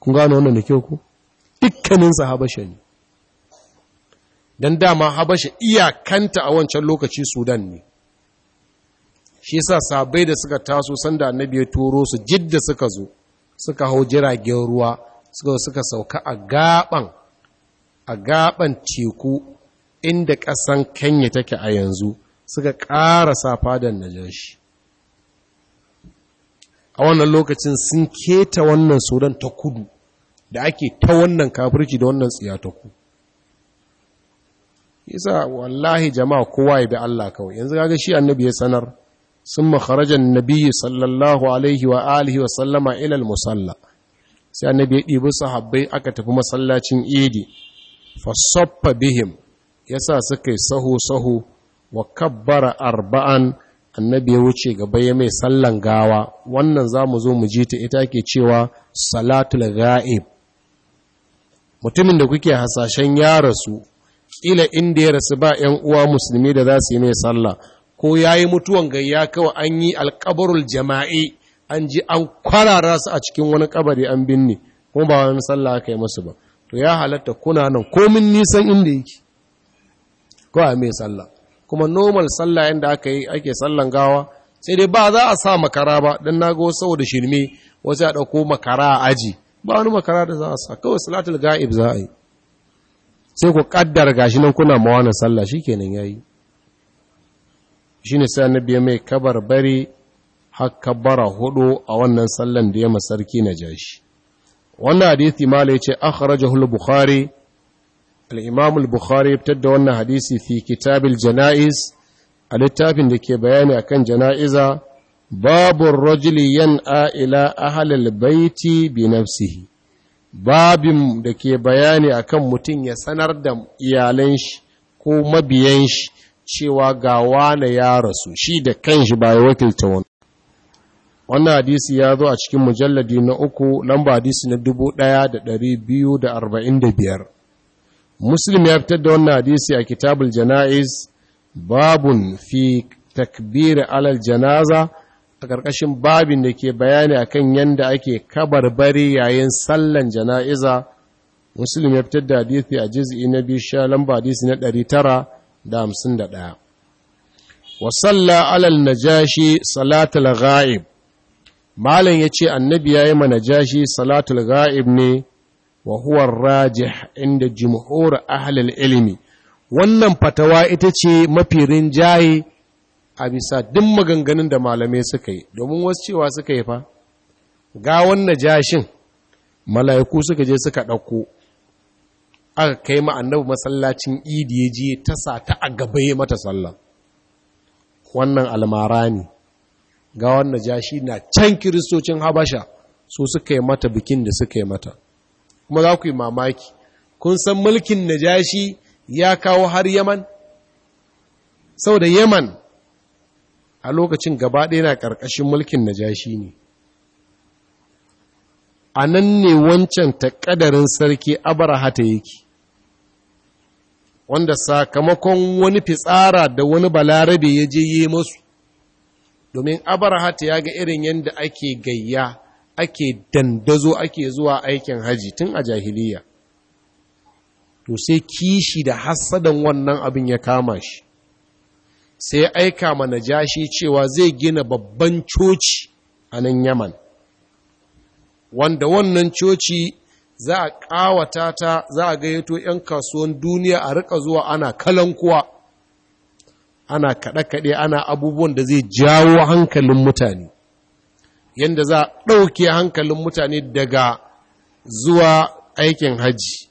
kun gano wannan da kyau ku dukkaninsa habasha ne don dama habasha iyakanta a wancan lokaci sudan ne shi sa sabai da suka taso sanda annabi ya turo su jidda suka zo suka hau jiragen ruwa suka suka sauka a gaban a gaban teku inda ƙasan Kenya take a yanzu suka ƙara sa fadan najashi a wannan lokacin sun keta wannan sudan ta kudu da ake ta wannan kafirci da wannan tsiyataku yasa wallahi jama'a kowa ya bi Allah kawai yanzu kaga shi annabi ya sanar sun makarajan Nabiyyu sallallahu ilal musalla sai annabi ya ɗibi sahabbai aka tafi masallacin idi fasaffa bihim yasa suka sahu sahu saho wa kabbara arba'an annabi ya wuce gaba ya mai sallan gawa wannan za mu zo mu ji ta ita ke cewa salatul ga'ib mutumin da kuke hasashen ya rasu ƙila inda ya rasu ba ‘yan uwa musulmi da za su yi mai sallah ko ya yi mutuwan gayya kawai an yi alkabarul jama'i an ji an kwarara su a cikin wani kabari an binne kuma ba wani sallah aka yi masu ba to ya halatta kuna nan komin nisan inda yake ko a mai sallah kuma normal sallah yadda aka yi ake sallan gawa sai dai ba za a sa makara ba don na ga wasu da shirme wasu a ɗauko makara a aji ba wani makara da za a sa kawai salatul ga'ib za a yi sai ku kaddar gashi nan kuna mawana sallah shikenan yayi shi ne sai annabi ya mai kabar bari haka bara hudu a wannan sallan da ya masarki na jashi wannan hadithi mala yace akhraja hul bukhari al-imam al-bukhari ya fitar da wannan hadisi fi kitabil janaiz a littafin da ke bayani akan janaiza babu rajuli yan'a ila ahlil baiti bi nafsihi babin da ke bayani akan mutum ya sanar da iyalan shi ko mabiyan shi cewa ga wane ya rasu shi da kanshi ba ya wakilta wani wannan hadisi ya zo a cikin mujalladi na uku lamba hadisi na biyar. muslim ya fitar da wannan hadisi a kitabul jana'iz babun fi takbir alal janaza a ƙarƙashin babin da ke bayani a kan yadda ake kabarbari yayin sallan jana'iza muslim ya fitar da hadisi a jiz'i na biyu sha lamba hadisi na tara. da hamsin da ɗaya wasalla alal najashi salatul ghaib malam ya ce annabi ya yi ma najashi salatul ghaib ne wa huwa rajih inda jumhur ahlul ilimi wannan fatawa ita ce mafi rinjaye a bisa duk maganganun da malamai suka yi domin wasu cewa suka yi fa ga wannan jashin mala'iku suka je suka ɗauko aka kai ma annabi masallacin idi ya je ta sa ta a gaba ya mata sallah wannan almara ne ga wannan jashi na can kiristocin habasha so suka yi mata bikin da suka yi mata kuma za ku yi mamaki kun san mulkin najashi ya kawo har yaman sau da yaman a lokacin gaba ɗaya na ƙarƙashin mulkin najashi ne a nan ne wancan taƙadarin sarki abraha ta yake wanda sakamakon wani fitsara da wani balarabe ya je yi masu domin hata ya ga irin yadda ake gayya ake dandazo ake zuwa aikin haji tun a jahiliya to sai kishi da hassadan wannan abin ya kama shi sai aika mana jashi cewa zai gina babban coci a nan yaman wanda wannan coci za a ƙawata ta za a gayyato 'yan kasuwan duniya a rika zuwa ana kalankuwa ana kaɗe-kaɗe ana abubuwan da zai jawo hankalin mutane yadda za a ɗauke hankalin mutane daga zuwa aikin hajji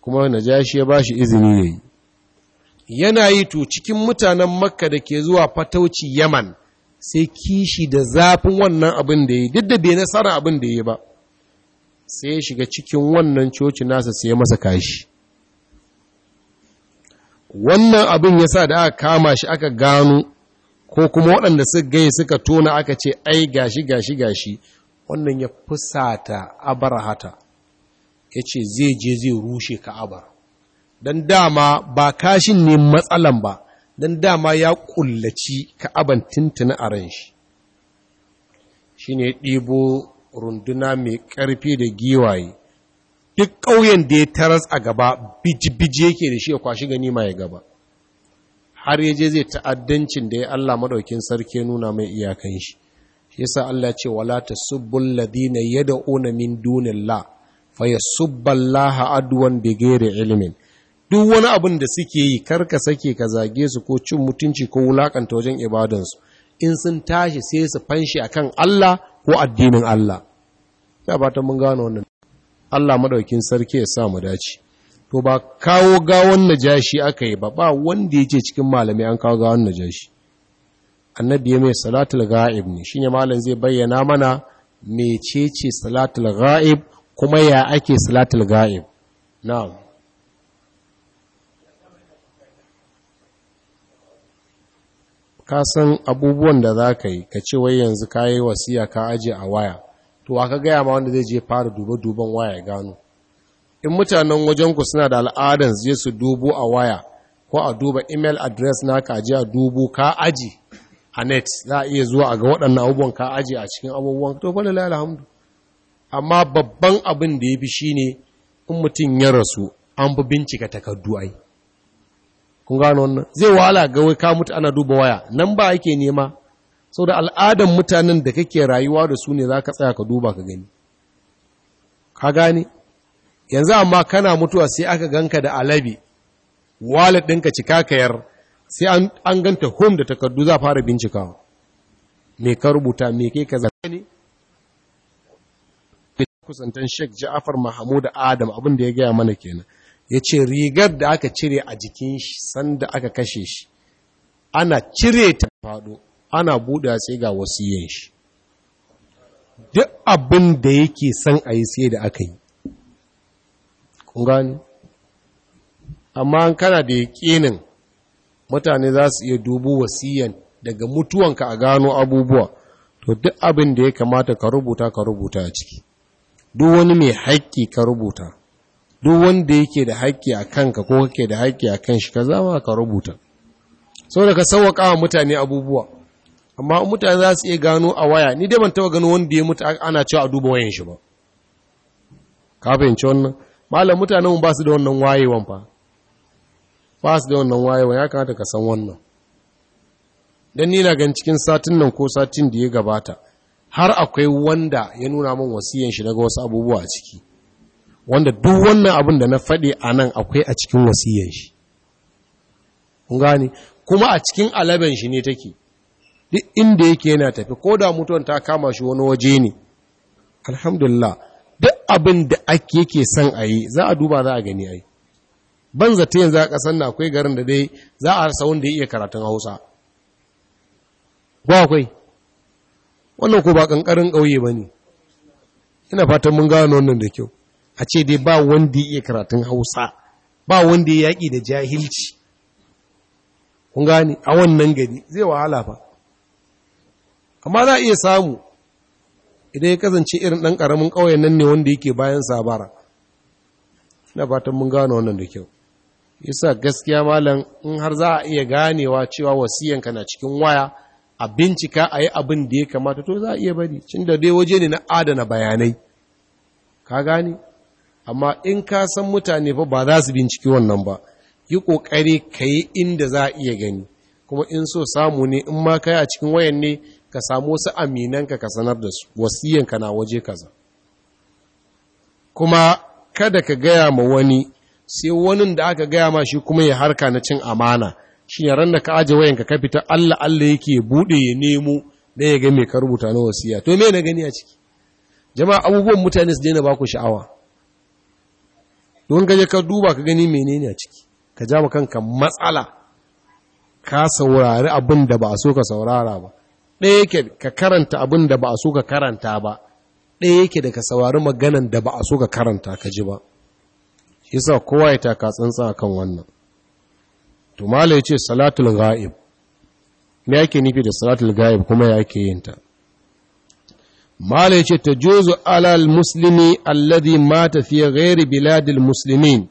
kuma jashi ya ba shi izini ya yi yana yi to cikin mutanen makka da ke zuwa fatauci yaman sai kishi da zafin wannan abin da ya yi duk da bai nasara abin da ya yi ba sai ya shiga cikin wannan coci nasa sai ya masa kashi wannan abin ya sa da aka kama shi aka gano ko kuma waɗanda suka gaya suka tona aka ce ai gashi gashi gashi wannan ya fusata abarhata ya ce zai je zai rushe ka'abar don dama ba kashin ne matsalan ba don dama ya ƙullaci ka'aban tintina a ran shi shi ne ɗibo runduna mai ƙarfi da giwaye duk ƙauyen da ya taras a gaba bijibiji yake da shi ya kwashi gani ma ya gaba har ya je zai ta'addancin da ya Allah maɗaukin sarki nuna mai iyakan shi shi yasa Allah ce wala tasubbul ladina yad'una min dunillah fa yasubballaha adwan bighairi ilmin duk wani abin da suke yi karka sake ka zage su ko cin mutunci ko wulakanta wajen ibadansu in sun tashi sai su fanshi akan Allah ko addinin Allah ya ba ta mun gano wannan Allah madaukin sarki ya sa mu dace to ba kawo gawon najashi aka yi ba ba wanda yake cikin malami an kawo gawon najashi annabi mai salatul ghaib ne shine malam zai bayyana mana mecece salatul ghaib kuma ya ake salatul ghaib na'am ka san abubuwan da za ka yi ka ce wai yanzu ka yi wasiya ka aje a waya to aka gaya ma wanda zai je fara duba-duban waya ya gano in mutanen wajenku suna da al'adar zai su dubu a waya ko a duba email address na ka aje a dubu ka aji a net za a iya zuwa a ga waɗannan abubuwan ka aji a cikin abubuwan to kwallo alhamdu amma babban abin da ya fi shi ne in mutum ya rasu an fi bincika takardu ai kun gano wannan zai wahala ga wai ka mutu ana duba waya nan ba yake nema sau da al'adan mutanen da kake rayuwa da su ne za ka tsaya ka duba ka gani ka gane yanzu amma kana mutuwa sai aka ganka da alabi wallet ɗinka cika kayar sai an ganta home da takardu za fara bincikawa me ka rubuta me kai ka ne kusantan Sheikh Ja'far Mahmud Adam abinda ya gaya mana kenan ya ce rigar da aka cire a jikin shi sanda aka kashe shi ana cire ta faɗo ana buɗe a tsiga wasiyan shi duk abin da yake son a yi sai da aka yi ƙungani amma an kana da ya yaƙinin mutane za su iya dubu wasiyan daga mutuwanka a gano abubuwa to duk abin da ya kamata ka rubuta ka rubuta a ciki duk wani mai haƙƙi ka rubuta duk wanda yake da haƙƙi a kanka ko kake da haƙƙi a kan shi ka zama ka rubuta saboda ka sauwaƙa wa mutane abubuwa amma mutane za su iya gano a waya ni dai ban taɓa gano wanda ya mutu ana cewa a duba wayan shi ba ka fahimci wannan malam mutanen ba su da wannan wayewan fa ba su da wannan wayewan ya kamata ka san wannan dan ni na gan cikin satin nan ko satin da ya gabata har akwai wanda ya nuna min wasiyan shi daga wasu abubuwa a ciki wanda duk wannan abin da na faɗi a nan akwai a cikin wasiyyar shi gani kuma a cikin alaben shi ne take duk inda yake yana tafi ko da mutuwar ta kama shi wani waje ne alhamdulillah duk abin da ake yake son a yi za a duba za a gani a yi ban zata yanzu a ƙasar na akwai garin da dai za a rasa wanda ya iya karatun hausa ba akwai wannan ko ba ƙanƙarin ƙauye ba ne ina fatan mun gano wannan da kyau a ce dai ba wanda ya karatun hausa ba wanda ya yaƙi da jahilci kun gani a wannan gari zai wahala ba. amma za a iya samu idan ya kasance irin ɗan ƙaramin ƙauyen nan ne wanda yake bayan sabara ina fatan mun gano wannan da kyau yasa gaskiya malam in har za a iya ganewa cewa wasiyanka na cikin waya a bincika a yi abin da ya kamata to za a iya bari cin da dai waje ne na adana bayanai ka gane amma in ka san mutane fa ba za su binciki wannan ba yi ƙoƙari ka yi inda za a iya gani kuma in so samu ne in ma ka a cikin wayan ne ka samu wasu aminanka ka sanar da su wasiyanka na waje kaza kuma kada ka gaya ma wani sai wani da aka gaya ma shi kuma ya harka na cin amana shi ne ran da ka aje wayanka ka fita Allah Allah yake bude ya nemo da ya ga mai ka rubuta na wasiya to me na gani a ciki jama'a abubuwan mutane su daina ba ku sha'awa don gaje ka duba ka gani menene a ciki ka ja ma kanka matsala ka saurari abin da ba a so ka saurara ba ɗaya yake ka karanta abin da ba a so ka karanta ba ɗaya yake da ka saurari maganan da ba a so ka karanta ka ji ba shi sa kowa ya taka tsantsa kan wannan to mala yace salatul ghaib me yake nufi da salatul ghaib kuma ya yake yin ta Mala ce ta juzu alal musulmi alladhi mata fi ghairi biladil muslimin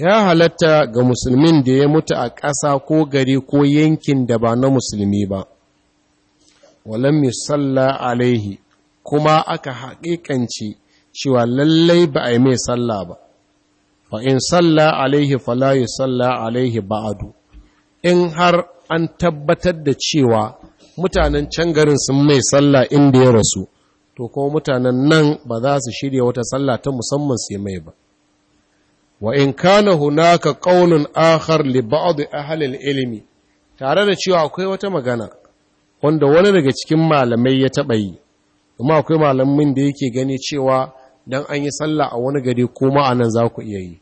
ya halatta ga musulmin da ya mutu a ƙasa ko gari ko yankin da ba na musulmi ba walam yusalla alaihi kuma aka haƙiƙance cewa lallai ba a yi mai sallah ba fa in salla alaihi yi yusalla alaihi ba'adu in har an tabbatar da cewa mutanen can garin sun mai sallah inda ya rasu to kuma mutanen nan ba za su shirya wata sallah ta musamman sai mai ba wa in kana hunaka qaulun akhar li ba'd ahli al-ilmi tare da cewa akwai wata magana wanda wani daga cikin malamai ya taɓa yi kuma akwai malamin da yake gani cewa dan an yi sallah a wani gari kuma a nan za ku iya yi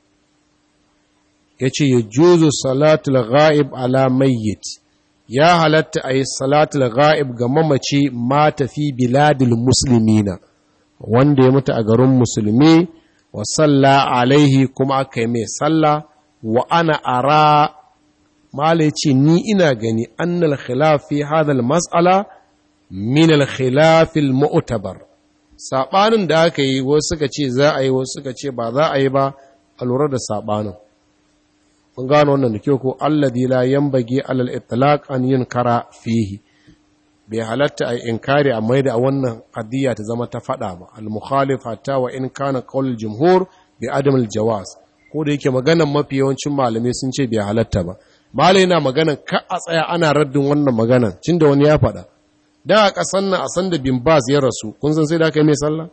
ya ce ya juzu salatul ghaib ala mayyit ya halatta a yi salatul ra’ib ga mamaci matafi, fi biladul musulmina wanda ya mutu a garin musulmi wa salla alaihi kuma aka yi mai salla wa ana ara mala ce ni ina gani annal khilafi hadal mas'ala min khilafin khilafil saɓanin da aka yi wasu suka ce za a yi wasu suka ce ba za a yi ba a lura da saɓanin Kun gano wannan da kyau ko alladhi la yanbaghi alal itlaq an yunkara fihi bai halatta a inkari a maida a wannan qadiyya ta zama ta fada ba al mukhalif wa in kana qawl jumhur bi adam al jawaz ko da yake maganan mafi yawancin malamai sun ce bai halatta ba malai na maganan ka a tsaya ana raddin wannan maganan cin da wani ya fada da a kasan nan a san da bin bas ya rasu kun san sai da aka yi mai sallah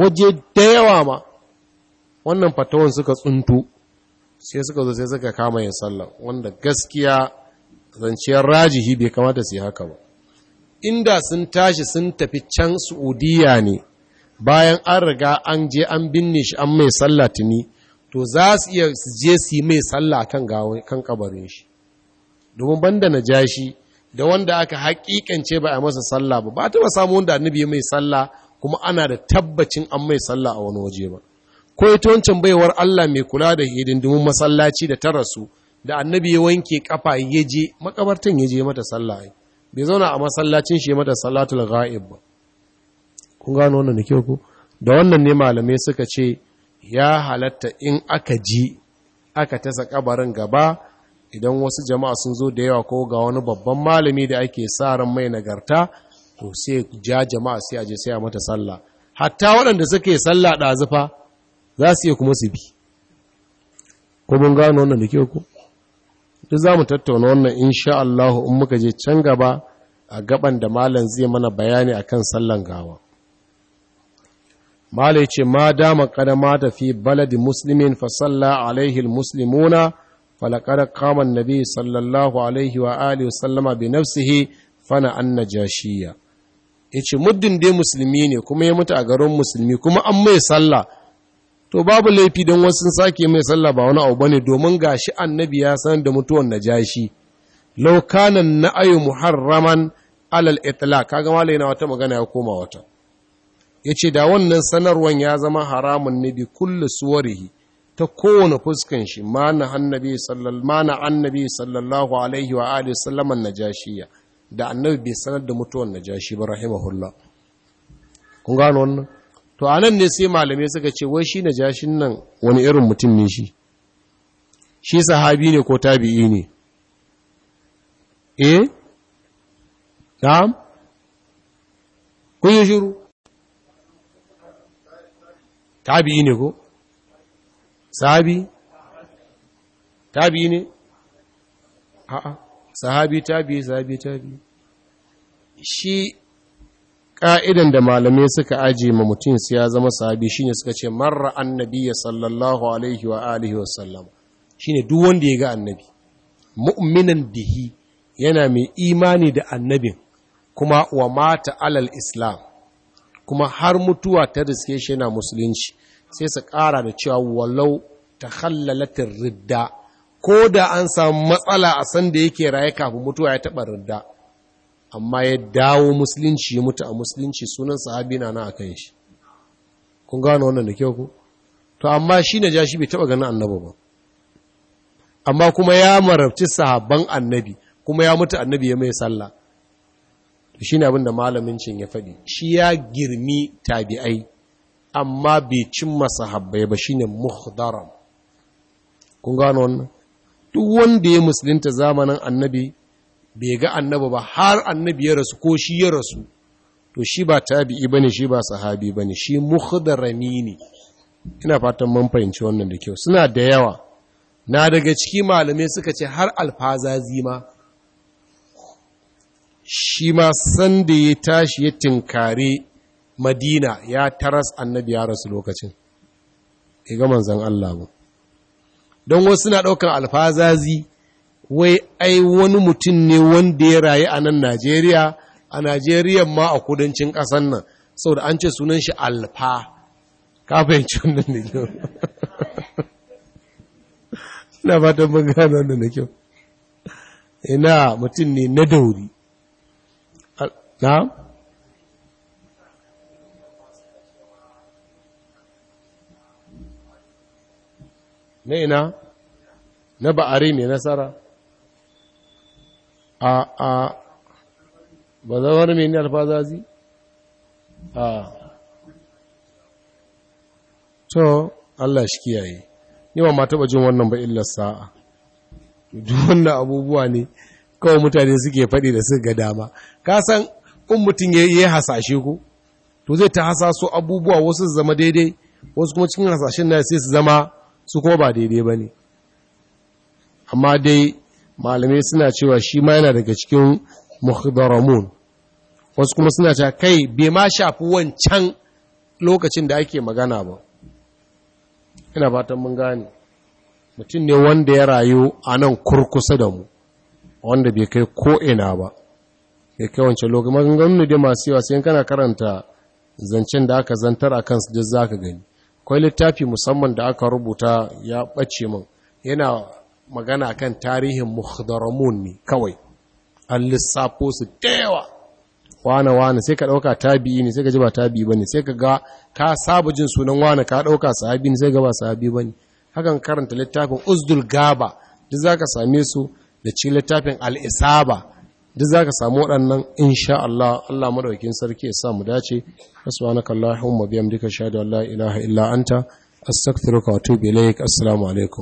waje da yawa ma wannan fatawan suka tsuntu sai suka zo sai suka kama yin sallah wanda gaskiya zanciyar rajihi bai kamata su yi haka ba inda sun tashi sun tafi can Saudiya ne bayan an riga an je an binne shi an mai sallah tuni to za su iya je su yi mai sallah kan gawo kan kabarin shi domin banda na ja shi da wanda aka hakikance ba a masa sallah ba ba ta ba samu wanda annabi mai sallah kuma ana da tabbacin an mai sallah a wani waje ba ko ita wancan baiwar Allah mai kula da hidindimun masallaci da ta rasu da annabi ya wanke kafa ya je makabartan ya je mata sallah bai zauna a masallacin shi mata salatul ghaib ba kun gano wannan da kyau ko da wannan ne malamai suka ce ya halatta in aka ji aka tasa kabarin gaba idan wasu jama'a sun zo da yawa ko ga wani babban malami da ake sa ran mai nagarta to sai ja jama'a sai a je sai a mata sallah hatta waɗanda suke sallah ɗazufa za su iya kuma su bi ko mun gano wannan da ke ku duk za mu tattauna wannan insha Allah in muka je can gaba a gaban da malam zai mana bayani akan sallan gawa malai ce ma dama kadama ta fi baladi muslimin fa salla alaihi almuslimuna falaqad qama nabi sallallahu alaihi wa alihi wa sallama bi nafsihi fana Ya yace muddin dai musulmi ne kuma ya mutu a garin musulmi kuma an mai sallah to babu laifi don wasu sake mai sallah ba wani abu bane domin gashi annabi ya san da mutuwan najashi law kana na'ayu muharraman alal itlaq kaga malai na wata magana ya koma wata yace da wannan sanarwan ya zama haramun ne bi kulli suwarihi ta kowane fuskan shi mana annabi sallallahu mana annabi sallallahu alaihi wa alihi sallaman najashiya da annabi bai sanar da mutuwan najashi ba rahimahullah kun gano wannan to a nan ne sai malamai suka ce wai shi na jashin nan wani irin mutum ne shi shi sahabi ne ko tabi'i ne eh dam kun shiru tabi'i ne ko sahabi tabi'i ne a'a sahabi tabi'i sahabi tabi'i shi ƙa'idan da malamai suka ajiye ma mutum su ya zama sahabi shine suka ce marra annabi sallallahu alaihi wa alihi wa sallam shine duk wanda ya ga annabi mu'minan dihi yana mai imani da annabin kuma wa mata alal islam kuma har mutuwa ta riske shi yana musulunci sai su ƙara da cewa walau ta hallalatin ridda ko da an samu matsala a sanda yake raye kafin mutuwa ya taɓa ridda amma ya dawo musulunci ya mutu a musulunci sunan sahabi na na kan shi kun gano wannan da kyau ku to amma shi na ja bai taba ganin annabi ba amma kuma ya marabci sahabban annabi kuma ya mutu annabi ya mai sallah to shine abin da malamin cin ya faɗi shi ya girmi tabi'ai amma bai cimma sahabbai ba shine muhdaram kun gano wannan duk wanda ya musulunta zamanin annabi bai ga annabi ba har annabi ya rasu ko shi ya rasu to shi ba tabi'i bane shi ba sahabi bane shi mukhdarami ne ina fatan mun fahimci wannan da kyau suna da yawa na daga ciki malamai suka ce har alfazazi ma shi ma san da ya tashi ya tinkare madina ya taras annabi ya rasu lokacin ga manzan Allah ba don wasu na ɗaukan alfazazi wai ai wani mutum ne wanda ya rayu a nan Najeriya, a Najeriya ma a kudancin kasan nan, Sau da an ce sunan shi alfa, ka fahimci wannan da kyau. Ina fatan mun gano wannan da kyau. Ina mutum ne na dauri. Na? Na ina? Na ba'ari mai nasara? a a ba zai wani mai ne a to Allah shi kiyaye ni ma taɓa jin wannan ba illar sa'a wannan abubuwa ne kawai mutane suke faɗi da suka ga dama ka san in mutum ya yi hasashe ko to zai ta hasaso abubuwa wasu su zama daidai wasu kuma cikin hasashen na sai su zama su kuma ba daidai ba ne amma dai malamai suna cewa shi ma yana daga cikin muhdaramun wasu kuma suna cewa kai bai ma shafi wancan lokacin da ake magana ba ina fatan mun gane mutum ne wanda ya rayu a nan kurkusa da mu wanda bai kai ko'ina ba ya kai wancan lokacin maganganu da masu yawa sai kana karanta zancen da aka zantar a kansu da za ka gani kwai littafi musamman da aka rubuta ya ɓace min yana magana kan tarihin mukhdaramun ne kawai an lissafo su tewa wane wane sai ka dauka tabi ne sai ka ji ba tabi'i bane sai ka ga ka saba jin sunan wane ka dauka sahabi ne sai ga ba sahabi bane hakan karanta littafin uzdul gaba duk ka same su da ci littafin al'isaba duk za ka samu waɗannan insha Allah Allah madaukakin sarki ya sa mu dace subhanakallahumma bihamdika duka an la ilaha illa anta astaghfiruka wa atubu ilaik assalamu alaikum